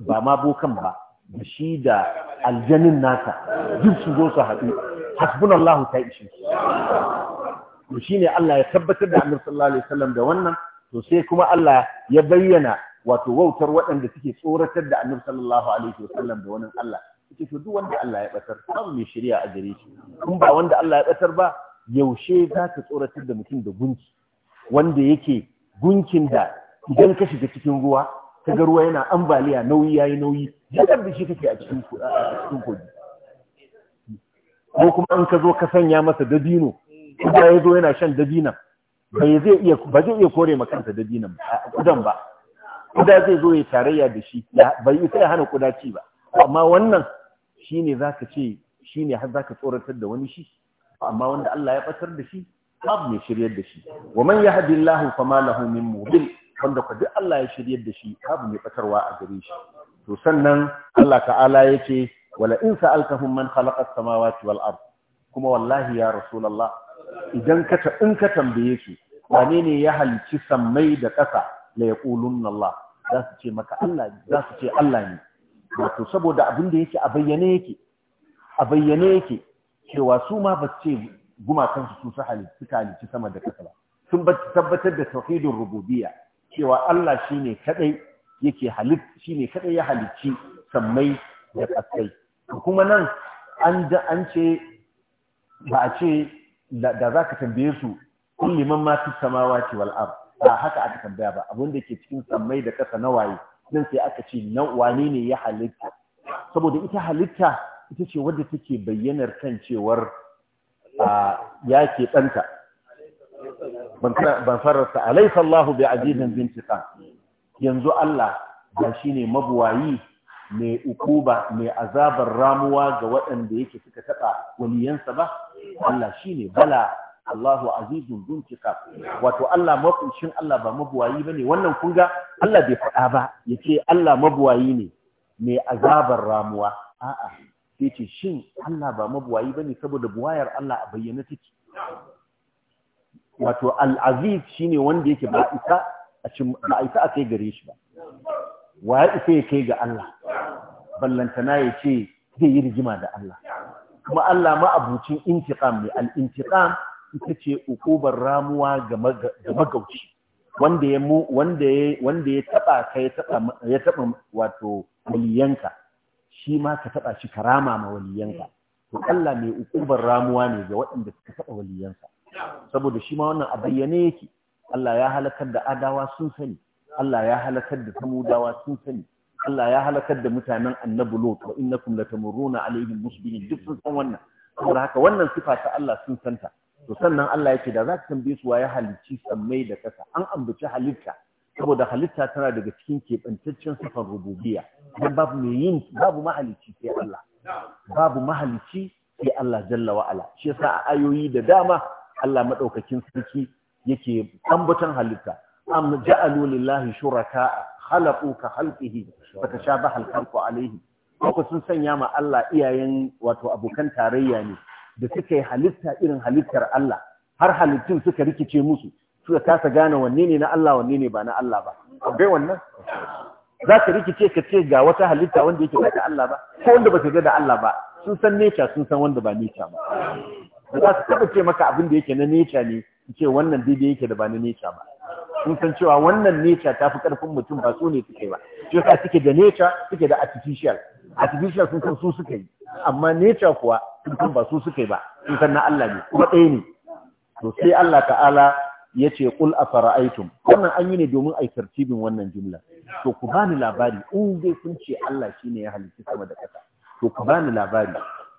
ba ma bokan ba da shi da aljanin nasa duk su zo su haɗu hasbunallahu ta ishi to ne Allah ya tabbatar da Annabi sallallahu alaihi wasallam da wannan to sai kuma Allah ya bayyana wato wautar waɗanda suke tsoratar da Annabi sallallahu alaihi wasallam da wannan Allah yake to duk wanda Allah ya batar babu mai shari'a a gare shi kun ba wanda Allah ya batar ba yaushe za ka tsoratar da mutum da gunki wanda yake gunkin da idan ka shiga cikin ruwa ka ga yana ambaliya nauyi ya yi nauyi jadar da shi kake a cikin kogi ko kuma an ka zo ka sanya masa dabino kuma ya zo yana shan dabina. bai zai iya ba zai iya kore a dabinan kudan ba kuda zai zo ya tarayya da shi bai yi sai hana kuda ba amma wannan shine zaka ce shine har zaka tsoratar da wani shi amma wanda Allah ya batar da shi babu mai shiryar da shi wa man yahdillahu fama lahu min mudil wanda ku duk Allah ya shiryar da shi babu mai batarwa a gare shi to sannan Allah ta'ala yake wala in sa'altahum man khalaqa as-samawati wal ard kuma wallahi ya rasulullah idan ka ta in ka tambaye su wane ne ya halici sammai da ƙasa la yaqulunna Allah za su ce maka Allah za su ce Allah ne wato saboda abin da yake a bayyane yake a bayyane yake cewa su ma ba su ce gumakansu su su halici sama da ƙasa ba sun tabbatar da tauhidin rububiyya cewa Allah ne kadai yake halit shine kadai ya halicci sammai da ƙasai. kuma nan an da an ce ba a ce da zaka tambaye su kulli man ma fi samawati wal ard ba haka aka tambaya ba abin da ke cikin sammai da ƙasa na waye nan sai aka ce na wane ne ya halitta saboda ita halitta ita ce wadda take bayyanar kan cewar ya ke ɗanta ban fararsa alaysa Allah bi azizin bincika. yanzu Allah ba shine mabuwayi mai ukuba mai azabar ramuwa ga waɗanda yake suka taɓa waliyansa ba Allah shine bala Allahu azizun bincika. wato Allah mafushin Allah ba mabuwayi bane wannan kunga Allah bai faɗa ba yace Allah mabuwayi ne mai azabar ramuwa a'a sai ce shin Allah ba mabuwayi bane saboda buwayar Allah a bayyana take wato al'aziz ne wanda yake ba isa a kai gare shi ba wa ya isa ya kai ga Allah ballantana ya ce zai yi rigima da Allah kuma Allah ma'abucin intiƙam ne al ita ce ukubar ramuwa ga magauci wanda ya taɓa ka ya taɓa wato waliyanka shi ma ka taɓa shi karama ma waliyanka to Allah mai ukubar ramuwa ne ga waɗanda suka taɓa waliyansa saboda shi ma wannan a bayyane yake Allah ya halakar da adawa sun sani Allah ya halakar da samudawa sun sani Allah ya halakar da mutanen annabi lot wa innakum latamuruna alaihim musbihin duk sun san wannan saboda haka wannan sifa ta Allah sun santa to sannan Allah yake da za ka tambaye su waye halicci sammai da kasa an ambaci halitta saboda halitta tana daga cikin keɓantaccen sifar rububiyya dan babu mai yin babu mahalicci sai Allah babu mahalicci sai Allah jalla wa ala shi yasa a ayoyi da dama Allah madaukakin sarki yake tambutan halitta am ja'alu lillahi shuraka khalaqu ka khalqihi tashabaha al-khalqu alayhi ko sun sanya ma Allah iyayen wato abokan tarayya ne da suke halitta irin halittar Allah har halittun suka rikice musu suka kasa gane wanne ne na Allah wanne ne ba na Allah ba bai wannan za ka rikice ka ce ga wata halitta wanda yake da Allah ba ko wanda ba ta ga da Allah ba sun san nature sun san wanda ba nature ba ba za su taba ce maka abin da yake na neca ne ce wannan daidai yake da ba na neca ba sun san cewa wannan neca ta fi karfin mutum ba su ne suke ba shi yasa suke da neca suke da artificial artificial sun san su suka yi amma neca kuwa sun san ba su suka yi ba sun san na Allah ne kuma ɗaya ne to sai Allah ta'ala ya ce a fara'aitun. wannan an yi ne domin a yi tartibin wannan jumla to ku bani labari in dai sun ce Allah shine ya halitta sama da ƙasa to ku bani labari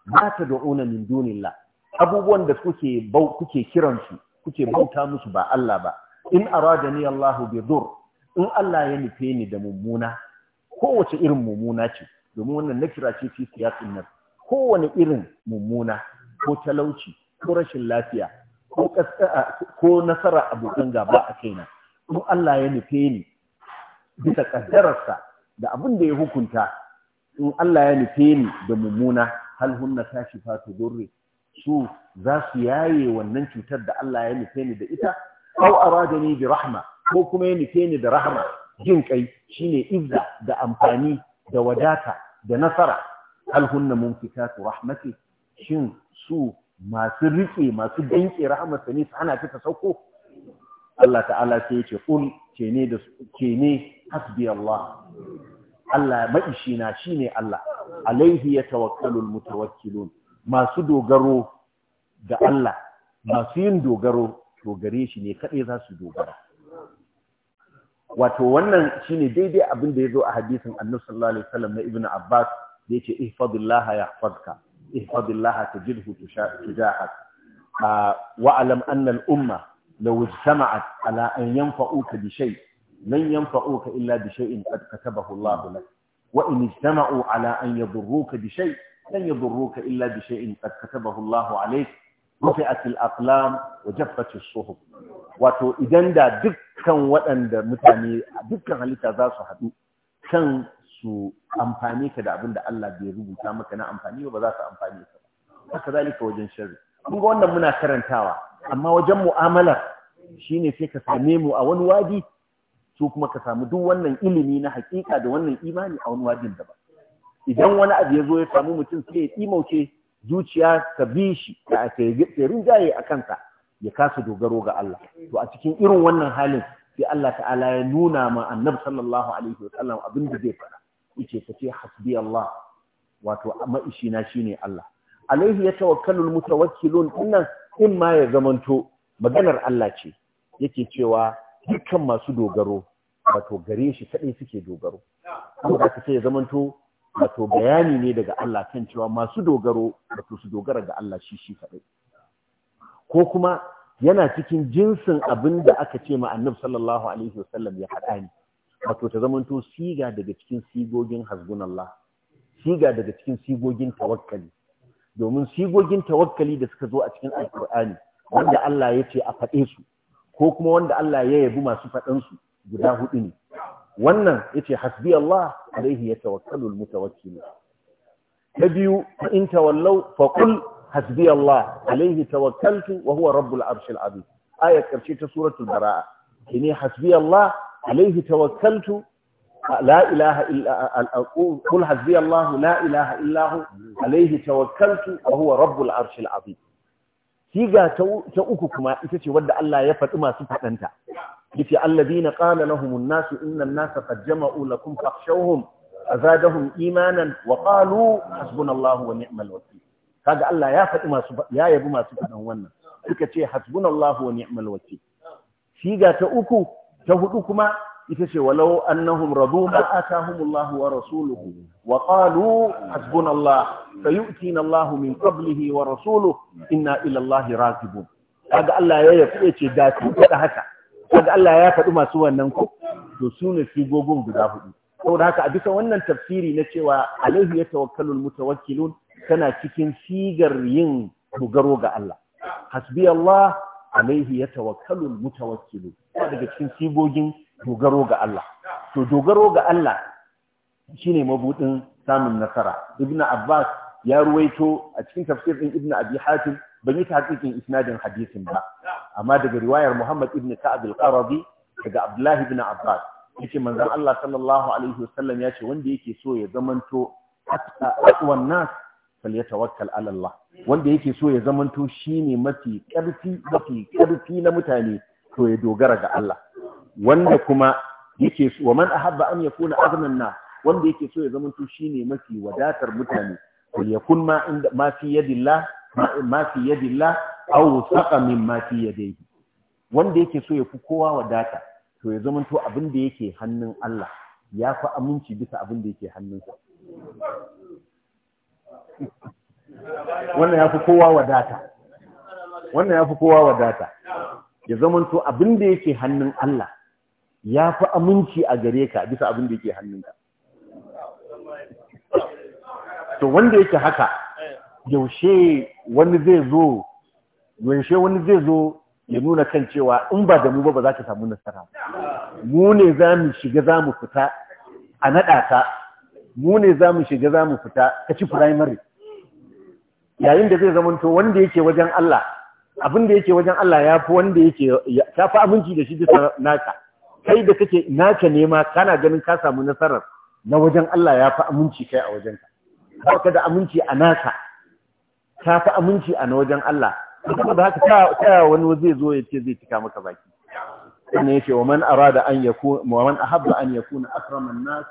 ba ta da'una min dunillah abubuwan da kuke bau kuke kiransu kuke bauta musu ba Allah ba in aradani Allahu bi dur in Allah ya nufe ni da mummuna kowace irin mummuna ce domin wannan kira ce fi siyasin nan kowane irin mummuna ko talauci ko rashin lafiya ko ko nasara abokan gaba a kaina in Allah ya nufe ni bisa kaddararsa da abin da ya hukunta in Allah ya nufe ni da mummuna hal hunna kashifatu durri su za su yaye wannan cutar da Allah ya nufe ni da ita aw aradani bi rahma ko kuma ya nufe ni da rahma jin kai shine izza da amfani da wadata da nasara mun fita su, rahmati shin su masu rike masu danke rahmatsa ne su hana ta sauko Allah ta'ala sai ya ce qul ce ne da ce ne hasbi Allah Allah maishina shine Allah alaihi tawakkalul mutawakkilun masu dogaro da Allah masu yin dogaro to gare shi ne kaɗai za su dogara wato wannan shi ne daidai abin da ya zo a hadisin annabi sallallahu alaihi wasallam na Ibn abbas da yace ihfazillaha yahfazka ihfazillaha tajidhu tujahak wa alam anna al umma law ijtama'at ala an yanfa'uka bi shay lan yanfa'uka illa bi shay'in qad katabahu Allah lak wa in ijtama'u ala an yadurruka bi shay لن يضروك إلا بشيء قد كتبه الله عليك رفعت الأقلام وجفت الصحف wato idan da dukkan waɗanda mutane dukkan halitta za su haɗu kan su amfani ka da abin da Allah bai rubuta maka na amfani ba za su amfani ka ba haka zalika wajen sharri kun ga wannan muna karantawa amma wajen mu'amala shine sai ka same mu a wani wadi su kuma ka samu duk wannan ilimi na hakika da wannan imani a wani wadin da ba idan wani abu ya zo ya samu mutum sai ya imauce zuciya ta bi shi ta jaye a kansa ya kasa dogaro ga Allah to a cikin irin wannan halin sai Allah ta'ala ya nuna ma annabi sallallahu alaihi wa sallam abin da zai fara yace ka ce hasbi Allah wato amma na shine Allah alaihi ya yatawakkalu almutawakkilun innan in ma ya zamanto maganar Allah ce yake cewa dukkan masu dogaro wato gare shi kadai suke dogaro kuma ka ce ya zamanto wato bayani ne daga Allah kan cewa masu dogaro wato su dogara ga Allah shi shi kaɗai ko kuma yana cikin jinsin abin da aka ce ma annabi sallallahu alaihi wasallam ya haɗa ni wato ta zamanto siga daga cikin sigogin hasbunallah siga daga cikin sigogin tawakkali domin sigogin tawakkali da suka zo a cikin alkur'ani wanda Allah ya ce a faɗe su ko kuma wanda Allah ya yabi masu faɗansu guda hudu ne wannan ya ce hasbi Allah alaihi yatawakkalul mutawakkil ta biyu in tawallaw fa qul hasbi Allah alaihi wa huwa rabbul arshil azim ayat karshe ta suratul baraa kini hasbi Allah alaihi tawakkaltu لا إله إلا قل حسبي الله لا إله إلا هو عليه توكلت وهو رب العرش العظيم siga ta uku kuma ita ce wadda Allah ya faɗi masu faɗanta yace alladhina qala lahum an-nas inna an-nasa qad jama'u lakum fakhshawhum azadahum imanan wa hasbunallahu wa ni'mal wakeel kaga Allah ya faɗi masu ya yabi masu faɗan wannan suka ce hasbunallahu wa ni'mal wakeel shiga ta uku ta huɗu kuma ita ce walau annahum radu ma atahumullahu wa rasuluhu wa hasbunallah sayu'tina Allahu min qablihi wa rasuluhu inna ila Allahi raghibun kaga Allah ya yafi ce da ku haka kaga Allah ya faɗi masu wannan ku to su ne sigogin guda hudu saboda haka a bisa wannan tafsiri na cewa alaihi ya tawakkalu mutawakkilun tana cikin sigar yin dogaro ga Allah hasbi Allah alaihi ya tawakkalu mutawakkilun daga cikin sigogin dogaro ga Allah to dogaro ga Allah shine mabudin samun nasara ibnu abbas ya ruwaito a cikin tafsirin din ibnu abi hatim ban yi tahqiqin isnadin hadisin ba amma daga riwayar Muhammad ibn Ka'ab al-Qarabi daga Abdullah ibn Abbas yace manzon Allah sallallahu alaihi wasallam yace wanda yake so ya zamanto atwan nas falyatawakkal ala Allah wanda yake so ya zamanto shine mafi karfi mafi karfi na mutane to ya dogara ga Allah wanda kuma yake so wa man ahabba an yakuna aghnan nas wanda yake so ya zamanto shine mafi wadatar mutane to yakun ma inda ma fi yadillah ma fi yadillah aw saqa mimma fi yadayhi wanda yake so ya fi kowa wadata to ya zamanto abin da yake hannun Allah ya fi aminci bisa abin da yake hannunsa wannan ya fi kowa wadata wannan ya fi abin da yake hannun Allah ya fi aminci a gare ka bisa abin da yake hannunka to wanda yake haka yaushe wani zai zo yaushe wani zai zo ya nuna kan cewa in ba da mu ba ba za ka samu nasara mu ne za mu shiga za mu fita a naɗa ta mu ne za mu shiga za mu fita ka ci firamare yayin da zai zama to wanda yake wajen Allah abin da yake wajen Allah ya fi wanda yake ya fi aminci da shi bisa naka kai da kake naka nema kana ganin ka samu nasarar na wajen Allah ya fi aminci kai a wajenka ka da aminci a naka ka fi aminci a wajen Allah saboda haka ta wani zai zo ya ce zai cika maka baki sannan yace wa man arada an yakun wa man ahabba an yakuna akrama nas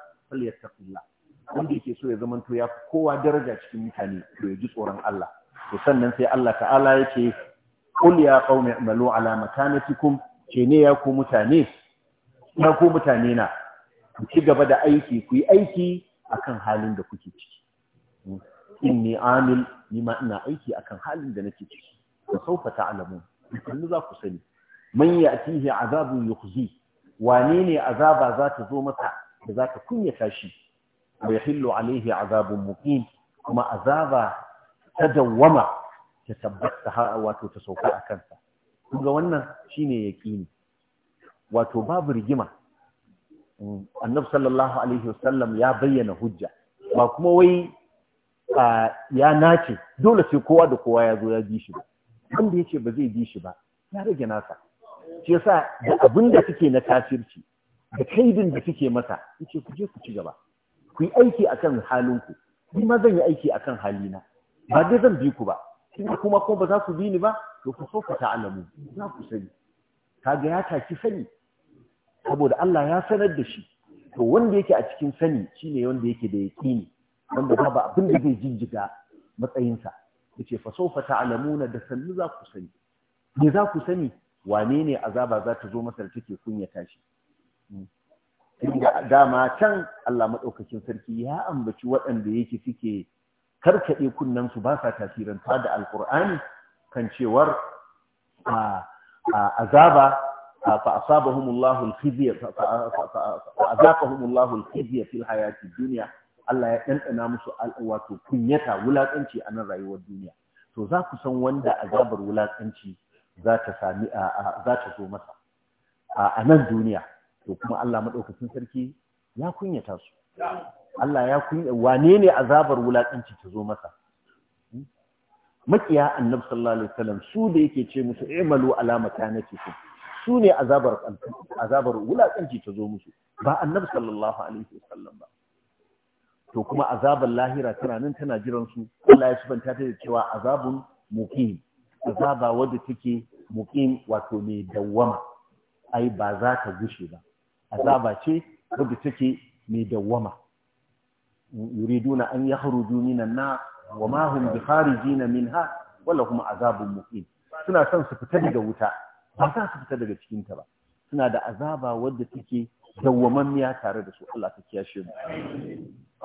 wanda yake so ya zamanto ya kowa daraja cikin mutane to ya ji tsoron Allah to sannan sai Allah ta'ala yake qul ya qaumi amalu ala makanatikum ce ne ya ku mutane na ku mutane na ku ci gaba da aiki ku yi aiki akan halin da kuke ciki inni amil ni ma ina aiki akan halin da nake ciki fa sawfa ta'lamun kullu za ku sani man ya'tihi azabun yukhzi wane ne azaba za ta zo mata da za ta kunyata shi wa yahillu alaihi azabun muqim kuma azaba ta dawwama ta tabbata wato ta sauka a kansa ga wannan shine yaqini wato babu rigima annabi sallallahu alaihi wasallam ya bayyana hujja ba kuma wai ya nace dole sai kowa da kowa ya zo ya bi shi ba wanda yace ba zai bi shi ba ya rage nasa shi yasa da abin da suke na tasirci, da kaidin da suke masa yace ku je ku ci gaba ku yi aiki akan halinku ni ma zan yi aiki akan halina ba dai zan bi ku ba kin kuma ko ba za ku bi ni ba to ku so ku ta'alamu za ku sani kaga ya taki sani saboda Allah ya sanar da shi to wanda yake a cikin sani shine wanda yake da yaqini wanda babu abin da zai jijjiga matsayinsa yace fa sawfa ta'lamuna da sannu za ku sani me za ku sani wane ne azaba za ta zo masa da take kunyata shi dama can Allah madaukakin sarki ya ambaci waɗanda yake suke karkaɗe kunnen su ba sa tasiranta da alqur'ani kan cewar azaba فأصابهم الله الخزي Allah ya ɗanɗana musu wato kunyata wulaƙanci a nan rayuwar duniya to za ku san wanda azabar wulaƙanci za ta sami za ta zo masa a nan duniya to kuma Allah madaukakin sarki ya kunyata su Allah ya kunya wane ne azabar wulaƙanci ta zo masa hmm? makiya annabi sallallahu alaihi wasallam su da yake ce musu i'malu ala makanatikum su ne azabar azabar wulaƙanci ta zo musu ba annabi sallallahu alaihi wasallam ba to kuma azabar lahira tana nan tana jiran su Allah ya subanta ta da cewa azabun muqim azaba wadda take muqim wato mai dawwama ai ba za ta gushe ba azaba ce wadda take mai dawwama yuriduna an yakhruju minan na, wa ma hum bikharijin minha wala kuma azabun muqim suna son su fita daga wuta ba za su fita daga cikin ta ba suna da azaba wadda take dawwamammiya tare da su Allah ta kiyashe mu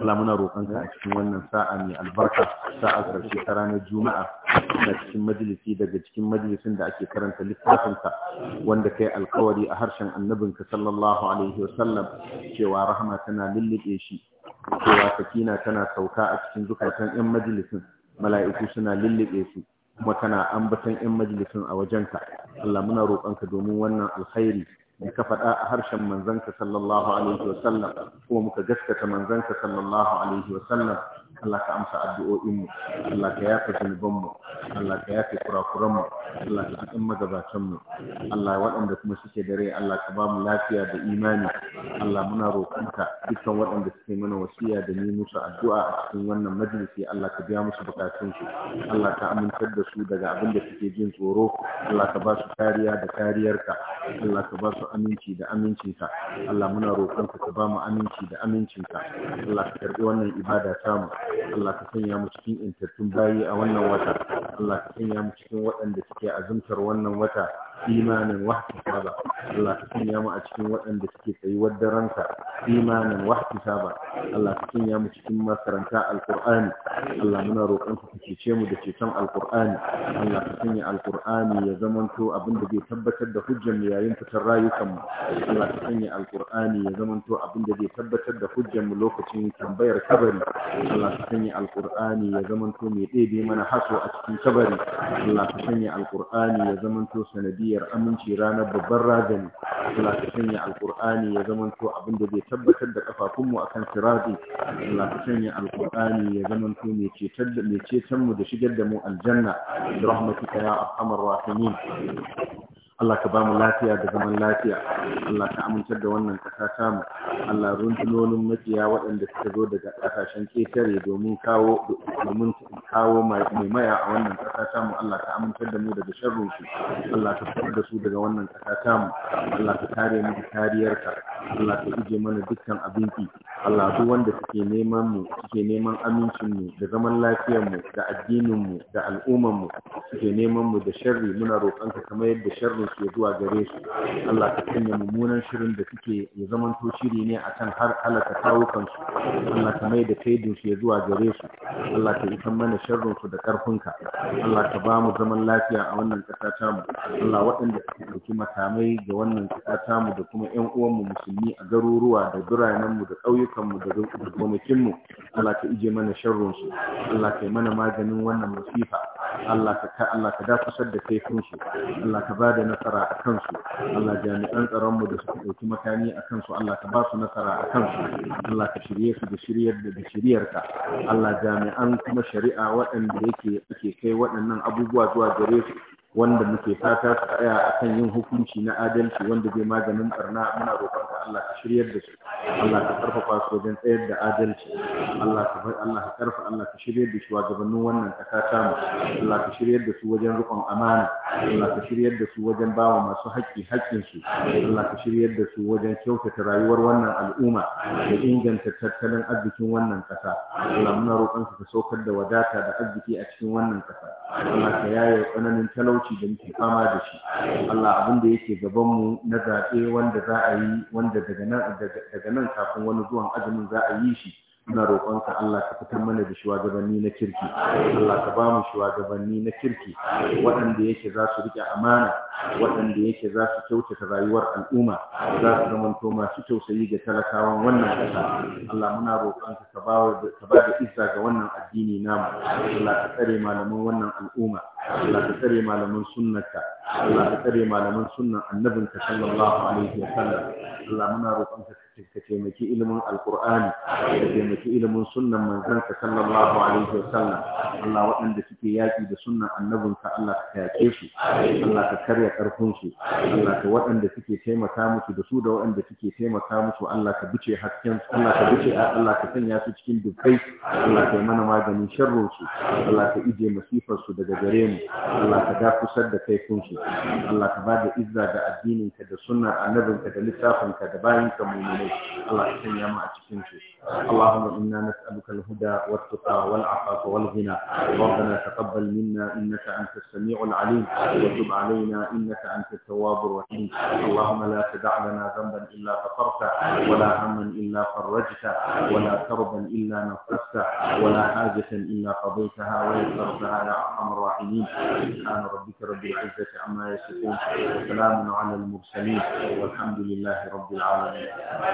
Allah muna roƙonka a cikin wannan sa'a mai albarka sa'a ƙarshe ta ranar Juma'a na cikin majalisi daga cikin majalisin da ake karanta littafinka wanda kai alkawari a harshen annabinka sallallahu alaihi sallam, cewa rahama tana lullube shi cewa sakina tana sauka a cikin zukatan 'yan majalisin mala'iku suna lullube su kuma kana ambatan 'yan majalisin a wajenka Allah muna roƙonka domin wannan alkhairi da ka faɗa a harshen manzanka sallallahu alaihi wasallam kuma muka gaskata manzanka sallallahu alaihi wasallam Allah ka amsa addu'o'inmu Allah ka yafe zunubanmu Allah ka yafe kurakuranmu Allah ka magabatan mu Allah waɗanda kuma suke da rai Allah ka ba mu lafiya da imani Allah muna roƙonka dukkan waɗanda suke mana wasiya da ni musu addu'a a cikin wannan majalisi Allah ka biya musu su Allah ka amintar da su daga abin da suke jin tsoro Allah ka ba su kariya da kariyarka Allah ka ba su aminci da amincinka Allah muna roƙonka ka ba mu aminci da amincinka Allah ka karɓi wannan ibada ta mu Allah ka sanya mu cikin intattun bayi a wannan wata Allah ka sanya mu cikin waɗanda suke azumtar wannan wata imanin wahtisaba Allah ka sanya mu a cikin waɗanda suke tsayuwar daranka imanin wahtisaba Allah ka sanya mu cikin makaranta alqur'ani Allah muna roƙon ka cece mu da ceton alqur'ani Allah ka sanya alqur'ani ya zamanto abin da zai tabbatar da hujjar mu yayin fitar rayukan mu Allah ka sanya alqur'ani ya zamanto abin da zai tabbatar da hujjar mu lokacin tambayar kabari Allah ka sanya alqur'ani ya zamanto mai ɗebe mana haso a cikin kabari Allah ka sanya alqur'ani ya zamanto sanadi sanadiyar aminci ranar babban razani Allah ka sanya alqur'ani ya zamanto abin da zai tabbatar da kafafunmu akan sirati Allah ka sanya alqur'ani ya zamanto mai cetar da mai cetar mu da shigar da mu aljanna bi ya arhamar rahimin Allah ka bamu lafiya da zaman lafiya Allah ka amintar da wannan kasa tamu Allah rundunonin makiya waɗanda suka zo daga ƙasashen ketare domin kawo domin kawo mai maya a wannan kasa tamu Allah ka amintar da mu daga sharrin su Allah ka fitar da su daga wannan kasa tamu Allah ka kare mu da kariyarka Allah ka ije mana dukkan abinci Allah duk wanda suke neman mu suke neman amincin mu da zaman lafiyar mu da addinin mu da al'ummar mu suke neman mu da sharri muna roƙonka kamar yadda sharri su ke zuwa gare su Allah ka sanya mummunan shirin da suke ya zamanto shiri ne akan har halaka kawukan su Allah ka mai da kaidin su ya zuwa gare su Allah ka isan mana sharrinsu da karfinka Allah ka ba mu zaman lafiya a wannan ƙasa ta mu Allah waɗanda suka ɗauki makamai ga wannan ƙasa ta mu da kuma ƴan uwanmu musulmi a garuruwa da biranenmu da ƙauyukanmu da gonakinmu Allah ka ije mana sharrinsu Allah ka yi mana maganin wannan masifa Allah ka Allah ka dakusar da kai kansu Allah ka ba da nasara a kansu Allah jami'an tsaron mu da suka dauki makami a kansu Allah ka ba su nasara a kansu Allah ka shirye su da shiryar da shiryarka Allah jami'an kuma shari'a waɗanda yake ake kai waɗannan abubuwa zuwa gare su wanda muke fata su tsaya a kan yin hukunci na adalci wanda zai maganin barna muna roƙon ka Allah ka shiryar da su Allah ka karfafa su wajen tsayar da adalci Allah ka Allah ka karfa Allah ka shiryar da su, gabanin wannan ƙasa ta mu Allah ka shiryar da su wajen riƙon amana Allah ka shiryar da su wajen bawa masu haƙƙi haƙƙin su Allah ka shiryar da su wajen kyautata rayuwar wannan al'umma da inganta tattalin arzikin wannan ƙasa Allah muna roƙon ka saukar da wadata da arziki a cikin wannan ƙasa Allah ka yaye tsananin talauci shugabanci da muke fama da shi Allah abin da yake gaban mu na zaɓe wanda za a yi wanda daga nan kafin wani zuwan azumin za a yi shi muna roƙonka Allah ka fitar mana da shugabanni na kirki Allah ka ba mu shugabanni na kirki waɗanda yake za su riƙe amana waɗanda yake za su kyautata rayuwar al'umma za su zamanto masu tausayi ga talakawan wannan ƙasa Allah muna roƙonka ka ba da izza ga wannan addini namu Allah ka tsare malaman wannan al'umma Allah ka tsare malaman sunnarka Allah ka tsare malaman sunnan annabinka sallallahu alaihi wa sallam Allah muna roƙonka ka taimaki ilimin alkur'ani ka taimaki ilimin sunnan manzanka sallallahu alaihi wasallam Allah waɗanda suke yaƙi da sunnan annabinka Allah ka yaƙe su Allah ka karya ƙarfin su Allah ka waɗanda suke taimaka musu da su da waɗanda suke taimaka musu Allah ka bice hasken Allah ka bice Allah ka sanya su cikin dubbai Allah ka yi mana maganin sharrin su Allah ka ije masifar su daga gare mu Allah ka da kusar da kaifin su Allah ka ba da izza da addinin ka da sunnar annabinka da littafinka da ka mu عليك الله يحيي ما أتكنت اللهم إنا نسألك الهدى والتقى والعفاف والغنى ربنا تقبل منا إنك أنت السميع العليم وتب علينا إنك أنت التواب الرحيم اللهم لا تدع لنا ذنبا إلا غفرته ولا هما إلا فرجته ولا كربا إلا نصرته ولا حاجة إلا قضيتها ويسرتها يا أرحم الراحمين سبحان ربك رب العزة عما يصفون وسلام على المرسلين والحمد لله رب العالمين